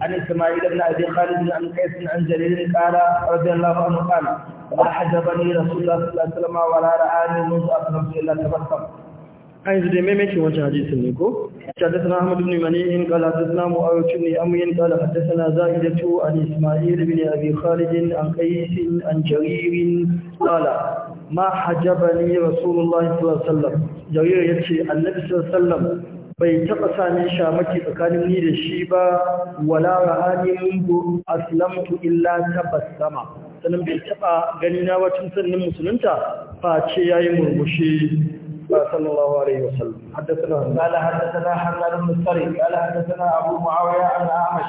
عن اسماعيل بن ابي خالد عن قيس عن جرير قال رضي الله عنه قال وحجبني رسول الله صلى الله عليه وسلم ولا رآني منذ اسلمت الا تبسم yanzu dai maimaitin wancan hadisin ne ko حدثنا أحمد بن منيع قال حدثنا معاوية بن أمر قال حدثنا زائدة عن إسماعيل بن أبي خالد عن قيس عن جرير قال ما حجبني رسول الله صلى الله عليه وسلم جرير يتشي النبي ce, الله عليه Sallam. bai taɓa sami shamaki tsakanin ni da shi ba wala ra'ani mungu aslamtu illa tabassama sanan bai taɓa ganina wacin sannin musulunta face yayi murmushi صلى الله عليه وسلم حدثنا قال حدثنا حماد بن الصري قال حدثنا أبو معاوية عن أعمش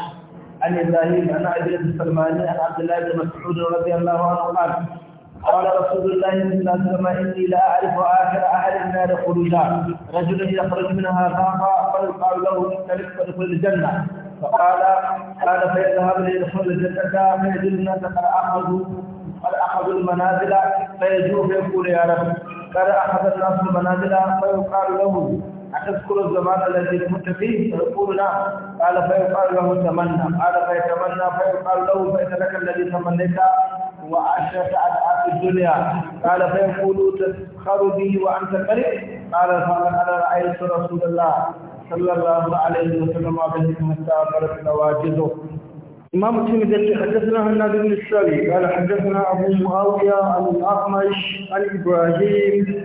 عن إبراهيم عن إدريس السلماني عن عبد الله بن مسعود رضي الله عنه قال قال رسول الله صلى الله عليه وسلم إني لا أعرف آخر أهل النار خروجا رجل يخرج منها غافا فيقال له انطلق تدخل الجنة فقال قال فيذهب ليدخل الجنة فيجد الناس قد أخذوا قد أخذوا المنازل فيجوع فيقول يا رب قد أخذ الناس المنازل فيقال له أتذكر الزمان الذي كنت فيه فيقول نعم قال فيقال له تمنى قال فيتمنى فيقال له فإن لك الذي تمنيت وعشرة أضعاف الدنيا قال فيقول تسخر بي وأنت قريب قال فأنا رأيت رسول الله صلى الله عليه وسلم وبه حتى أمرت نواجذه إمام الترمذي حدثنا النادي بن السالي قال حدثنا أبو معاوية عن الأعمش عن إبراهيم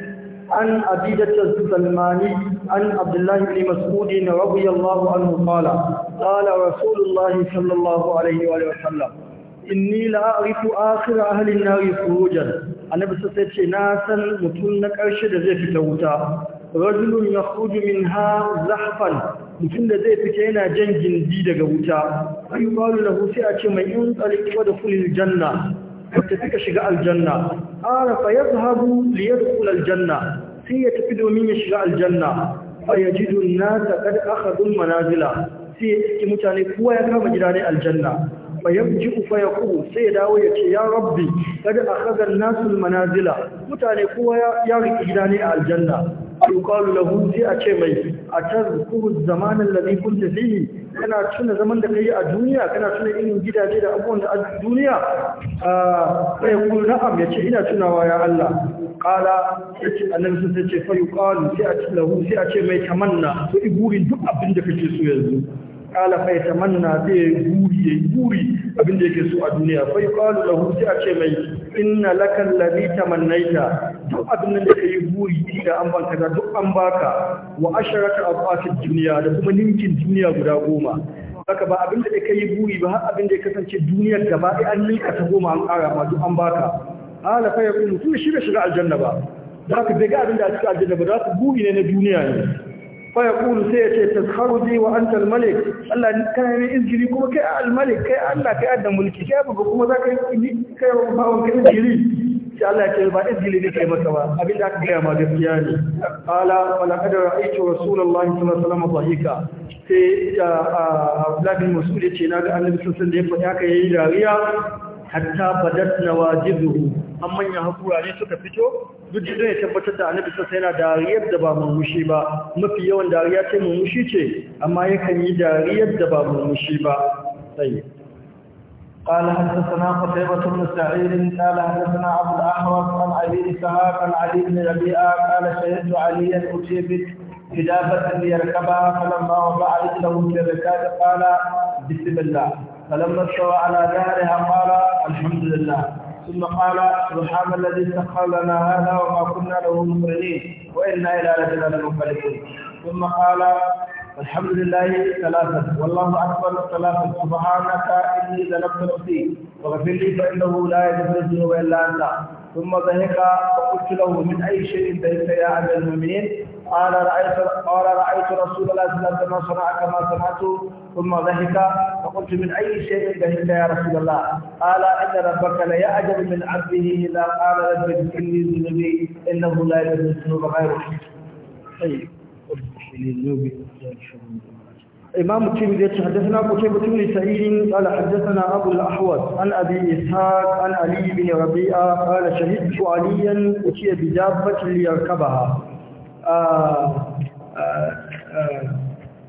عن عبيدة السلماني عن عبد الله بن مسعود رضي الله عنه قال قال رسول الله صلى الله عليه وآله وسلم إني لا أعرف آخر أهل النار خروجا annabi sai ce na san mutum na ƙarshe da zai fita wuta rajulun ya hudu min ha zahfan mutum da zai fita yana jan gindi daga wuta yi kwalu na husi a ce mai yin tsari wa da kulil janna ta suka shiga aljanna arafa ya zahabu liyar kula aljanna sai ya tafi domin ya shiga aljanna a ya ji dunna ta kada aka zun manazila sai ya tsaki mutane kowa ya kama gida ne aljanna fa ufa fa kuru, sai ya dawo ya ce ya rabbi kada akhadha an-nasu al-manazila mutane kowa ya riki gida ne a aljanna yuqalu lahu sai a ce mai atazkuru zaman alladhi kunta fihi kana tuna zaman da kai a duniya kana tuna irin gidaje da abubuwan da a duniya sai kullu na'am yace ina tunawa ya Allah qala yace annabi sai ce fa yuqalu sai a ce lahu sai a ce mai tamanna to iburin duk abin da kake so yanzu kala fa manna zai guri yayi guri abin da yake so a duniya fa qalu lahu sai a ce mai inna lakal ta mannaita? duk abin da ka kai guri da an banka da duk an baka wa asharaka afafid duniya da kuma ninkin duniya guda goma haka ba abin da ka yi guri ba har abin da ya kasance duniyar gaba ɗaya an ninka ta goma an ƙara ma duk an baka ala fa yakunu tun shi bai shiga aljanna ba za ka daga abin da a cikin aljanna ba za ku guri ne na duniya ne fa yaqulu sai ya ce ta tazharuji wa anta al-malik Allah kana ne kuma kai al-malik kai Allah kai adda mulki kai ba kuma za zaka yi kai bawon kai injiri sai Allah ya ce ba injiri ne kai maka ba abin da aka gaya ma gaskiya ne qala Wala, laqad ra'aytu rasulullahi sallallahu alaihi wasallam dhahika sai Abdullah bin Mas'ud ya ce na naga Annabi sallallahu alaihi wasallam da ya faɗa kai yayi dariya hatta badat nawajibuhu an manyan hakura ne suka fito duk da ya tabbatar da annabi sai yana dariyar da ba murmushi ba mafi yawan dariya ta murmushi ce amma yakan yi dariyar da ba murmushi ba sai قال حدثنا قتيبة بن سعيد قال حدثنا أبو الأحوص عن أبي إسحاق عن علي بن ربيعة قال شهدت عليا أتي بكتابة ليركبها فلما وضع رجله في الركاب قال بسم الله فلما استوى على ظهرها قال الحمد لله ثم قال سبحان الذي سخر لنا هذا وما كنا له مقرنين وانا الى ربنا لمنقلبون ثم قال الحمد لله ثلاثة والله أكبر ثلاثة سبحانك إني ذنبت نفسي واغفر لي فإنه لا يغفر الذنوب إلا أنت ثم ضحك فقلت له من أي شيء ضحكت يا أمير المؤمنين قال رأيت قال رأيت رسول الله صلى الله عليه وسلم صنع كما صنعت ثم ضحك فقلت من أي شيء ضحكت يا رسول الله قال إن ربك ليعجب من عبده إذا قال رب اغفر ذنبي إنه لا يغفر الذنوب غيره طيب إمام الترمذي حدثنا قتيبة بن سعيد قال حدثنا أبو الأحوص عن أبي إسحاق عن علي بن ربيعة قال شهدت عليا أتي بدابة ليركبها آه آه آه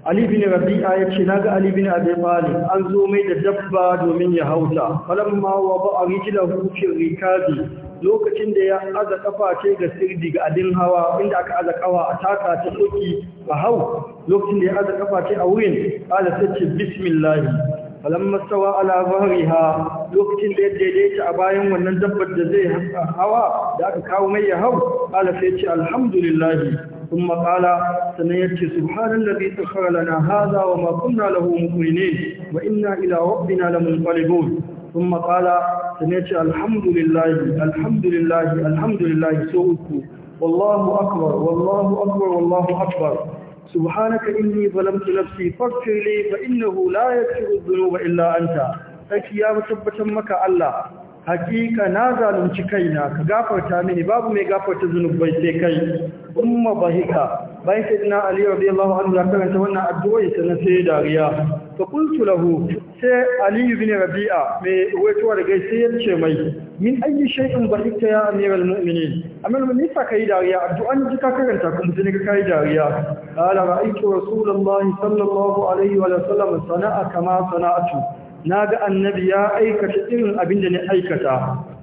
Ali bin Rabi'a ya ce naga Ali bin Abi an zo mai da dabba domin ya hauta falamma wa a rikila hukun rikazi lokacin da ya aza kafa ce ga sirdi ga adin hawa inda aka aza kawa a taka ta soki a hau lokacin da ya aza kafa ce a wurin ala sace bismillah falamma sawa ala riha lokacin da ya daidaita a bayan wannan dabbar da zai hawa da aka kawo mai ya hau ala sai ce ثم قال سنيت سبحان الذي سخر لنا هذا وما كنا له مؤمنين وإنا إلى ربنا لمنقلبون ثم قال سنيت الحمد لله الحمد لله الحمد لله سوءك والله أكبر والله أكبر والله أكبر سبحانك إني ظلمت نفسي فاغفر لي فإنه لا يغفر الذنوب إلا أنت sarki ya tabbatar maka Allah hakika na zalunci kaina ka gafarta mini babu mai gafarta zunubai sai kai umma bahika bayan sayyidina ali radiyallahu anhu ya karanta wannan addu'a na sai dariya fa qultu lahu sai ali ibn rabi'a mai waitowa da gaishe yace mai min ayi shay'in bahikta ya amiral mu'minin amal mun nifa kai dariya addu'an ji ka karanta kuma sai ka kai dariya qala ra'aytu rasulullahi sallallahu alaihi wa sallam sana'a kama sana'atu naga annabi ya aikata irin abin da na aikata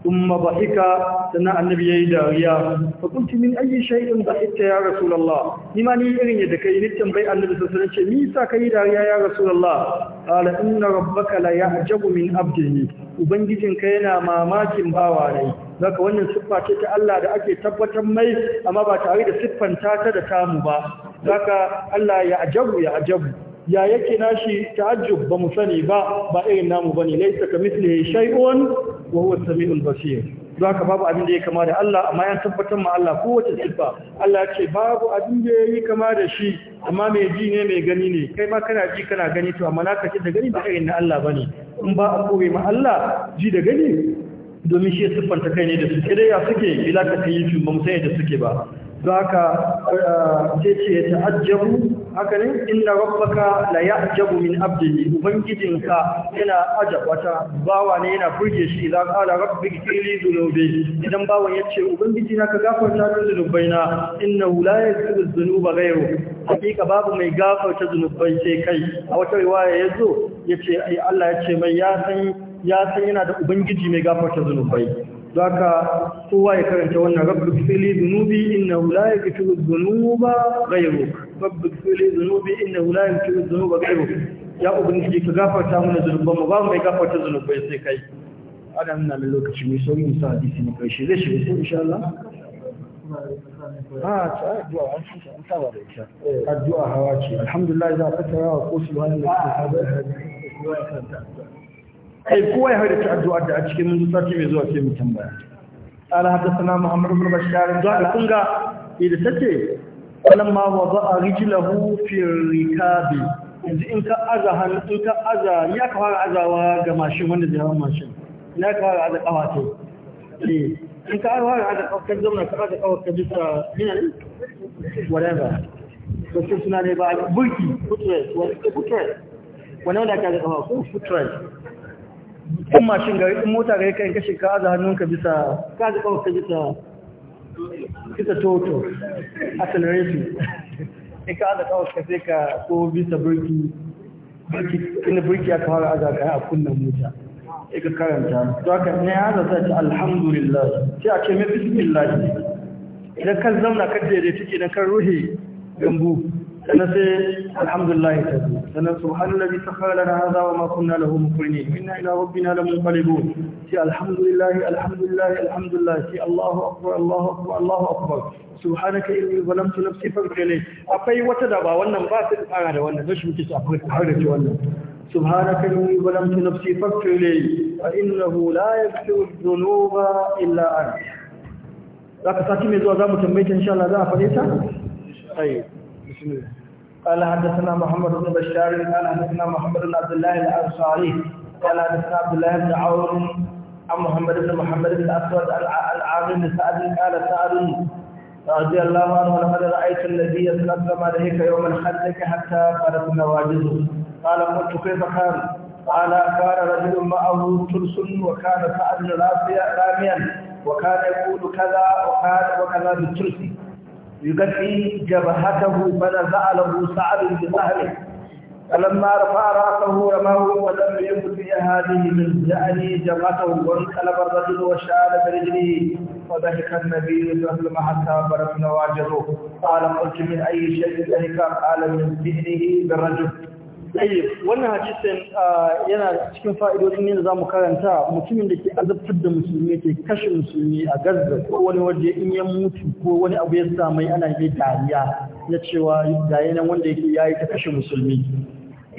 umma bahika sana annabi yayi dariya fa kunti min ayi shay'in bahita ya rasulullah nima ni irin da kai na tambayi annabi sallallahu alaihi wasallam ce ni sa kai dariya ya rasulullah qala inna rabbaka la ya'jabu min abdihi ubangijin ka yana mamakin bawa ne zaka wannan siffa ce ta Allah da ake tabbatar mai amma ba tare da siffan ta da tamu ba zaka Allah ya ajabu ya ajabu ya yake nashi ta'ajjub ba mu sani ba ba irin namu bane laysa kamithlihi shay'un wa huwa as-sami'ul basir don haka babu abin da ya kama da Allah amma ya tabbatar ma Allah kowace sifa Allah ce babu abin da ya kama da shi amma mai ji ne mai gani ne kai ma kana ji kana gani to amma naka ce da gani ba irin na Allah bane in ba a kore ma Allah ji da gani domin shi sifanta kai ne da su sai ya suke bila ta kai shi ba mu sai da suke ba za ka eh, ce ta'ajjabu haka ne inna rabbaka la ya'jabu min abdihi ubangijinka yana ajabata bawa ne yana furge shi idan qala rabbi qili dhunubi idan bawa yace ubangiji na ka gafarta min na innahu la yaghfiru dhunuba ghayru hakika babu mai gafarta zunubai sai kai a wata riwaya yazo yace ai Allah yace mai ya san ya san yana da ubangiji mai gafarta zunubai zaka kowa ya karanta wannan rabbik fili dhunubi innahu la yaghfiru dhunuba ghayruk rabbik fili dhunubi innahu la yaghfiru dhunuba ghayruk ya ubangiji ka gafarta mana zunuban mu ba gafarta zunubai sai kai ana nuna da lokaci mai sauri musa hadisi na karshe zai shiga ko insha Allah ah ta addu'a an da ita addu'a hawa ce alhamdulillah za ka tsaya wa ko kai kowa ya haɗa ta addu'a da a cikin mun sati mai zuwa sai mu tambaya ala hadathana Muhammadu ibn bashar da kunga idan tace wannan ma wa a rijlahu fi rikabi yanzu in ka aza hannu in ka aza ni aka fara azawa ga mashin wanda zai hawa mashin ina eh, ka fara aza kawa ce in ka aza fara aza kawa ka zauna ka aza kawa ka bisa mina ne whatever wasu suna ne ba burki footrest wani kuka wani wanda ka aza kawa ko footrest in mashin gari in mota gari kan kashi ka aza hannunka bisa ka aza kawai ka bisa bisa toto acceleration in ka aza kawai ka sai ka ko bisa birki birki inda birki ya fara aza ka a kunnan mota sai ka karanta to haka ne ya zata ce alhamdulillah sai a ce mai bismillah idan kan zauna kan daidaita kenan kan ruhe gambu sannan sai alhamdulillah ta zo sannan subhanallazi sakhara lana hadha wa ma kunna lahu muqrinin inna ila rabbina lamunqalibun sai alhamdulillah alhamdulillah alhamdulillah sai Allahu akbar Allahu akbar Allahu akbar subhanaka inni zalamtu nafsi faghfir li akwai wata da ba wannan ba ta tsara da wannan da shi muke so akwai tsara da wannan subhanaka inni zalamtu nafsi illa zaka saki mai zuwa za mu tambaye ta insha Allah za a faɗe ta ayi بسم الله قال حدثنا محمد بن بشار قال حدثنا محمد بن عبد الله الانصاري قال حدثنا عبد الله بن عون عن محمد بن محمد بن الاسود العامر بن سعد قال سعد رضي الله عنه لقد رايت الذي يتلقى عليك يوم الخندق حتى قالت نواجذه قال قلت كيف كان؟ قال كان رجل معه ترس وكان سعد راميا وكان يقول كذا وكان وكذا بالترس يدفي إيه؟ جبهته فنزع له سعد بسهله فلما رفع راسه رماه ولم يكن في هذه من يعني جبهته وانقلب الرجل وشال برجله فضحك النبي صلى الله عليه وسلم حتى برد نواجهه قال قلت من اي شيء ذلك قال من ذهنه بالرجل wannan hadisin ah, yana cikin fa'idodin ne da za mu karanta mutumin da ke azabtar da musulmi ke kashe musulmi a gazza ko wani waje in ya mutu ko wani abu ya samai ana yi dariya na cewa dariya nan wanda yake yayi ta kashe musulmi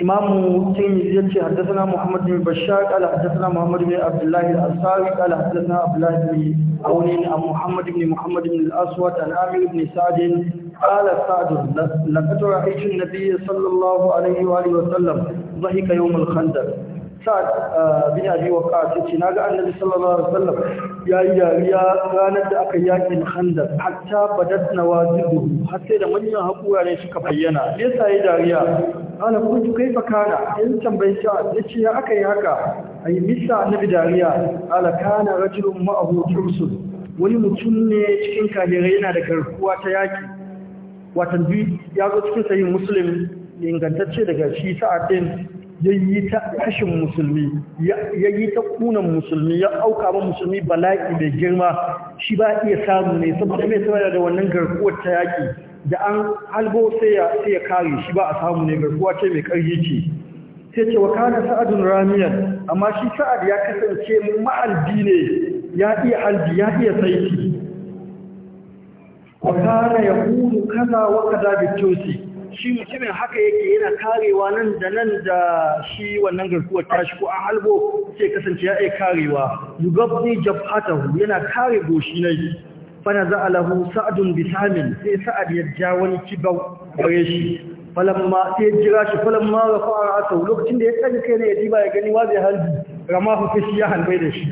إمام تيمي يتي حدثنا محمد بن بشار قال حدثنا محمد بن عبد الله الأنصاري قال حدثنا عبد الله بن عون عن محمد بن محمد بن الأسود عن عامر بن سعد قال سعد لقد رأيت النبي صلى الله عليه وآله وسلم ضحك يوم الخندق sa'ad uh, bin abi waqas yace naga annabi sallallahu alaihi wasallam yayi dariya ranar da aka yakin khandaq hatta badat nawazibu har sai da manyan hakura ne suka bayyana me yasa yayi dariya ana kuntu kaifa kana in tambaye sa'ad yace ya aka yi haka ai misa annabi dariya ala kana rajulun ma'ahu tursul wani mutum ne cikin kabirai yana da garkuwa ta yaki watan ya zo cikin sahihin muslim ingantacce daga shi sa'ad din yayi yi ta kashin musulmi yayi ta kunan musulmi ya auka ba musulmi bala'i da girma shi ba iya samu ne saboda mai saboda da wannan garkuwar ta yaƙi da an halgo sai ya ya kare shi ba a samu ne garkuwa ce mai karfi ce sai ce wa sa'adun ramiyan amma shi sa'ad ya kasance ma'albi ne ya iya halbi ya iya saiti wa ya kaza wa kaza bi shi mutumin haka yake yana karewa nan da nan da shi wannan garkuwar tashi ko a halbo sai kasance ya iya karewa yugabni jabhatahu yana kare goshi na yi fana za alahu sa'adun bitamin, sai sa'ad ya ja wani kibau bare shi falamma sai jira shi falamma fara ra'sahu lokacin da ya tsanke kai ne ya diba ya gani wa zai halbi ramahu fi shi ya halbai da shi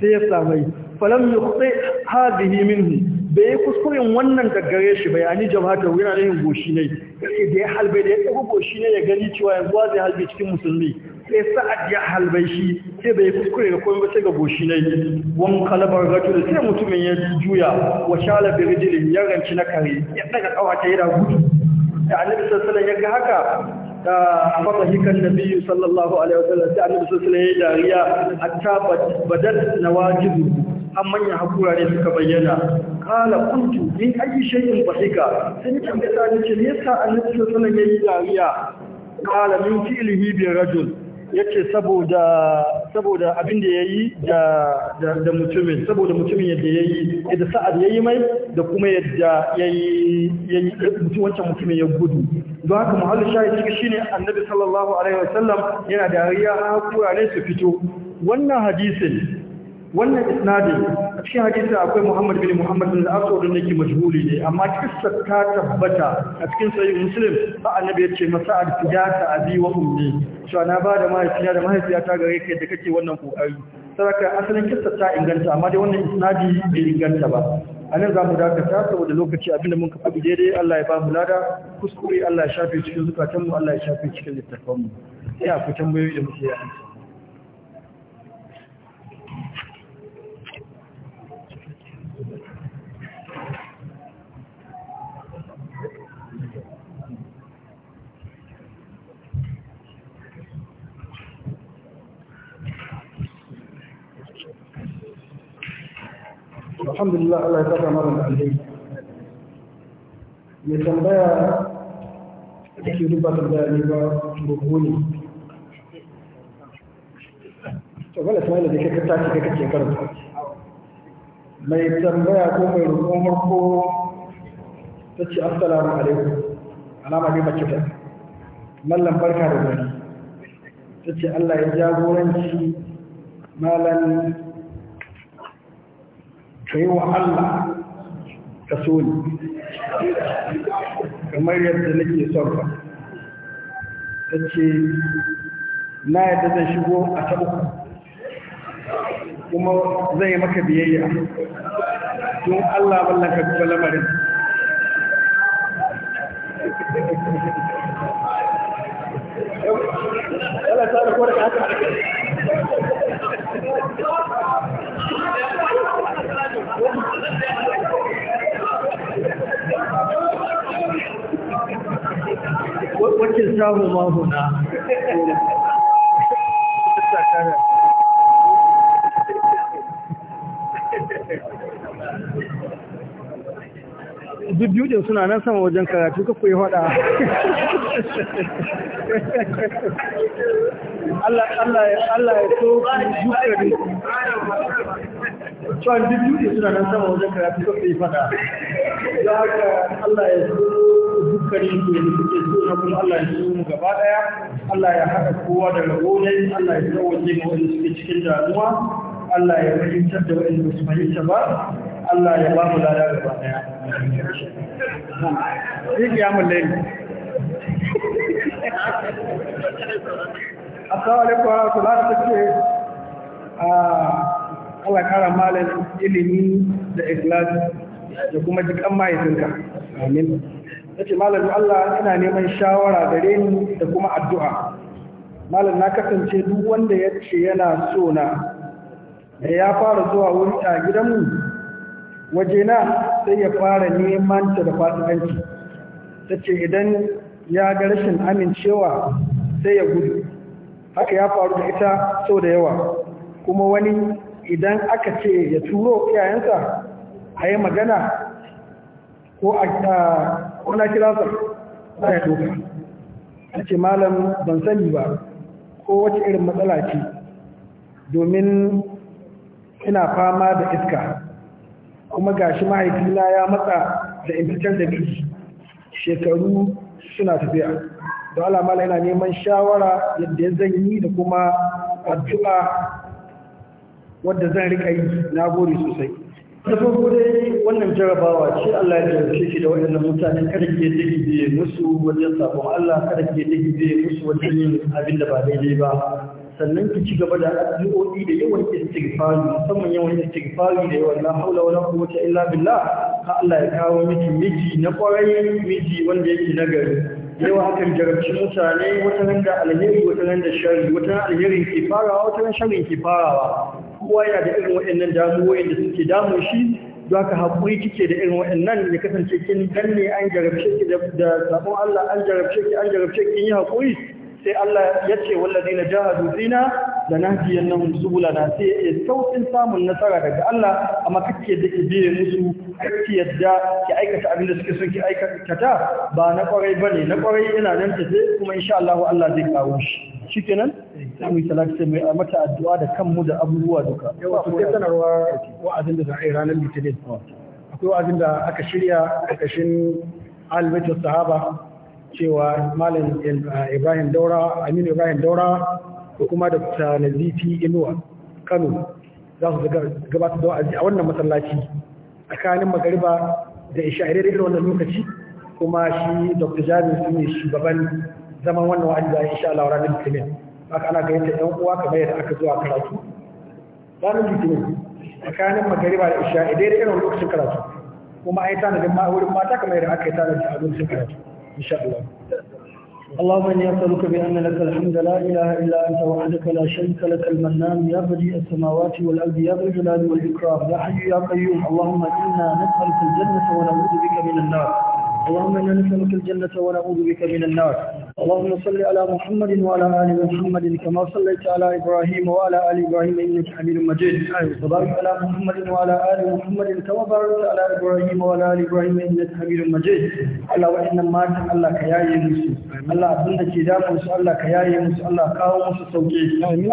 sai ya samai falam yukhti hadhihi minhu bai kuskuren wannan daggare shi bai ani jama'a yana nan goshi ne sai da ya halbe da ya tsago goshi ne ya gani cewa yanzu zai halbe cikin musulmi sai sa'ad ya halbe shi sai bai kuskure ga komai sai ga goshi ne wan kalabar rajul sai mutumin ya juya wa shala bi rijlin ya ranci na kare ya daga kawata yana gudu da annabi sallallahu alaihi wasallam ya ga haka فضحك النبي صلى الله عليه وسلم سأل الرسول صلى الله ya dariya hatta بدت nawajibu an manyan ne suka bayyana kala kuntu min ayi shay'in bahika sun tambaya ni ce me yasa annabi sallallahu alaihi wasallam yayi dariya kala min fi'lihi bi rajul yace saboda saboda abin da yayi da da mutumin saboda mutumin yadda yayi idan sa'ad yayi mai da kuma yadda yayi yayi mutum wancan mutumin ya gudu don haka muhallin shahid cikin shine annabi sallallahu alaihi wasallam yana dariya haƙura ne su fito wannan hadisin wannan isnadin a cikin hadisi akwai Muhammad bin Muhammad bin al-Aswad da yake majhuli ne amma kissa ta tabbata a cikin sahih Muslim fa annabi ce masa al-fidata abi wa ummi ana na da mahaifiya da mahaifiyata gare ka da kake wannan kokari Sadaka, asalin kissa ta inganta amma dai wannan isnadi bai inganta ba a nan za mu dakata saboda lokaci abinda mun kafa daidai Allah ya ba mu lada kuskure Allah ya shafe cikin zukatanmu Allah ya shafe cikin littafanmu sai a ku tambayoyi da muke yi alhamdulillah Allah ya saka mana da alheri mai tambaya da ke duba tambaya ne ba gogo ne to bala sai da kake tashi kake kake karanta mai tambaya ko mai roƙon harko ta ce assalamu alaikum alama ne mace ta mallan barka Allah ya jagoranci ka yi wa Allah ka so kamar yadda nake son ka ta ce na yadda zai shigo a taɓa kuma zai yi maka biyayya Tun Allah mallaka kuma lamarin Allah ta da haka wacce samun mahuna duk biyu suna nan sama wajen karatu ka yi hada Allah ya so dukkanin cewa duk biyu suna nan sama wajen karatu ka yi hada Ya haka Allah ya so dukkanin su da suke so na kuma Allah ya so mu gaba daya Allah ya haɗa kowa da rabo Allah ya tsawaje mu wani suke cikin damuwa Allah ya fahimtar da wanda ba su fahimta ba Allah ya ba mu lada gaba daya ya kiyamul layl Assalamu alaikum wa rahmatullahi wa barakatuh. Ah, Allah kara malam ilimi da ikhlasi da kuma jikan mahaifinka. Amin. ce malam Allah ina neman shawara gare ni da kuma addu'a malam na kasance duk wanda ya ce yana so na da ya fara zuwa wuri a gidanmu wajena sai ya fara neman ta da fasikanci ce idan ya ga rashin amincewa sai ya gudu haka ya faru da ita sau da yawa kuma wani idan aka ce ya turo iyayensa a yi magana ko a ko na kira sa ba ya doka a ce malam ban sani ba ko wace irin matsala ce domin ina fama da iska kuma gashi mahaifina ya matsa da in da biki shekaru suna tafiya da alamala yana neman shawara yadda ya zan yi da kuma addu'a wadda zan rika yi na gori sosai da farko dai wannan jarabawa ce Allah ya jarabce shi da waɗannan mutane kada ke digibe musu wajen sabon Allah kada ke digibe musu wajen yin abin da ba daidai ba sannan ki ci gaba da addu'o'i da yawan istighfari musamman yawan istighfari da yawan la haula wala quwwata illa billah ka Allah ya kawo miki miji na kwarai miji wanda yake nagari yawa hakan jarabci mutane wata nan da alheri wata nan da shari wata nan alherin ke farawa wata nan sharin ke farawa kowa yana da irin waɗannan damuwoyin da suke damun shi don haka haƙuri kike da irin waɗannan ya kasance kin danne an jarabce ki da sabon Allah an jarabce ki an jarabce ki yi haƙuri sai Allah ya ce wallazi na jahadu fina da nahdiyan nan subula na sai ya saukin samun nasara daga Allah amma kake da ki biye musu kake yadda ki aikata abin da suke son ki aikata ba na kwarai bane na kwarai yana nan kuma kuma insha Allah Allah zai kawo shi shikenan sai mu yi sai mu yi mata addu'a da kanmu da abubuwa duka yawa sai sanarwa wa'azin da za a yi ranar litinin akwai wa'azin da aka shirya ƙarƙashin albaitin sahaba cewa malam ibrahim daura aminu ibrahim daura da kuma da naziti inuwa kano za su gabata da wa'azi a wannan masallaci tsakanin magariba da ishairar irin wannan lokaci kuma shi dr jami'in su ne shugaban zaman wannan wa'azi da insha Allah ranar litinin haka ana gayyata ɗan uwa kamar yadda aka zuwa karatu ranar litinin tsakanin magariba da isha idan irin lokacin karatu kuma ai tanadin ma wurin mata kamar yadda aka yi tanadi a lokacin karatu insha Allah اللهم اني اسالك بان لك الحمد لا اله الا انت وحدك لا شريك لك المنان يا بديع السماوات والارض يا ذا الجلال والاكرام يا حي يا قيوم اللهم انا نسالك الجنه ونعوذ بك من النار اللهم انا نسالك الجنه ونعوذ بك من النار اللهم صل على محمد وعلى ال محمد كما صليت على ابراهيم وعلى ال ابراهيم انك حميد مجيد وبارك على محمد وعلى ال محمد كما باركت على ابراهيم وعلى ال ابراهيم انك حميد مجيد الله وان ما كان الله كياye musu Allah abin da ke damu su Allah ka yaye musu Allah kawo musu sauke.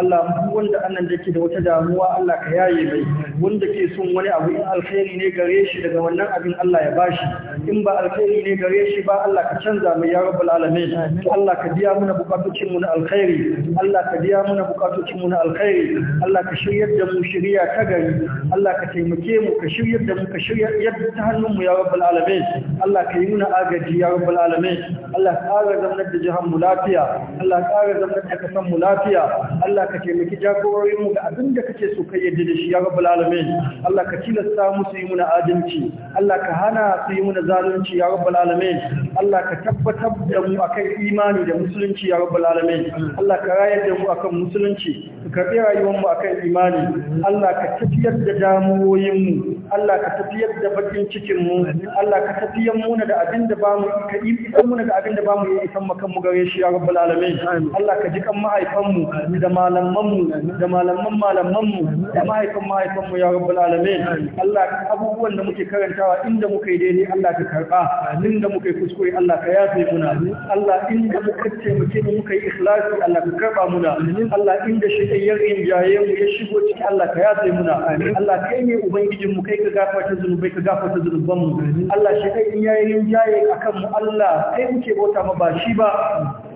Allah wanda annan da wata damuwa Allah ka yaye mai wanda ke son wani abu in alkhairi ne gare shi daga wannan abin Allah ya bashi in ba alkhairi ne gare shi ba Allah ka canza mai ya rabbul alamin Allah ka biya muna bukatocin mu na alkhairi Allah ka biya muna bukatocin mu na alkhairi Allah ka shiryar da mu shiriya ta gari Allah ka taimake mu ka shiryar da mu ka shiryar yadda ta hannun mu ya rabbal alamin Allah ka yi muna agaji ya rabbal alamin Allah ka ƙara zamanar da jihar mu lafiya Allah ka ƙara zamanar da kasan mu lafiya Allah ka taimaki jagororin mu ga abin da kake so kai yadda da shi ya rabbal alamin Allah ka tilasta musu yi muna adalci Allah ka hana su yi muna zalunci ya rabbal alamin Allah ka tabbatar da mu akan imani imani da musulunci ya rabbal alamin Allah ka rayar da mu akan musulunci ka karbi rayuwar mu akan imani Allah ka tafiyar da damuwoyin mu Allah ka tafiyar da bakin cikin mu Allah ka tafiyar mu da abin da ba mu ka isan mu da abin da ba mu yi isan makan mu gare shi ya rabbal alamin Allah ka ji kan mahaifan mu da malaman mu da malaman malaman mu da mahaifan mahaifan mu ya rabbal alamin Allah abubuwan da muke karantawa inda muka yi daidai Allah ka karba inda muka kuskure Allah ka yafe muna Allah in inda muka taimake mu muka yi ikhlasi Allah ka karba muna Allah inda shi ya rinjaye mu ya shigo ciki Allah ka yafe muna amin Allah kai ne ubangijin mu kai ka gafarta zunubai ka gafarta zunuban mu Allah shi kai in yayin rinjaye akan mu Allah kai muke bauta ma ba shi ba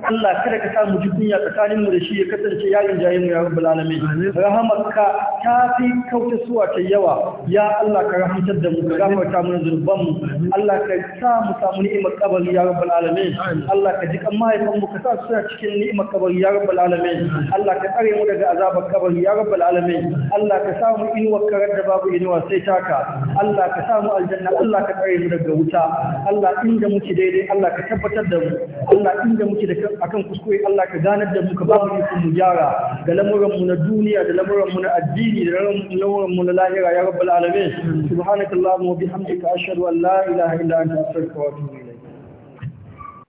Allah kada ka sa mu ji tsakanin tsakaninmu da shi ya kasance yayin jayin mu ya rabbul alamin rahamarka ta fi kauta suwa ta yawa ya Allah ka rahamtar da mu ka gafarta mana zunuban mu Allah ka sa mu samu ni'imar kabari ya rabbul alamin Allah ka ji kan mahaifan mu ka sa su cikin ni'imar kabari ya rabbul alamin Allah ka tsare mu daga azabar kabari ya rabbul alamin Allah ka sa mu inuwar karar da babu inuwa sai taka Allah ka sa mu aljanna Allah ka tsare mu daga wuta Allah inda muke daidai Allah ka tabbatar da mu Allah inda muke da akan kuskure Allah ka ganar da mu ka ba mu iko mu gyara ga lamuran mu na duniya da lamuran mu na addini da lamuran mu na lahira ya rabbal alamin subhanakallahumma wa bihamdika ashhadu an la ilaha illa anta astaghfiruka wa atubu ilayk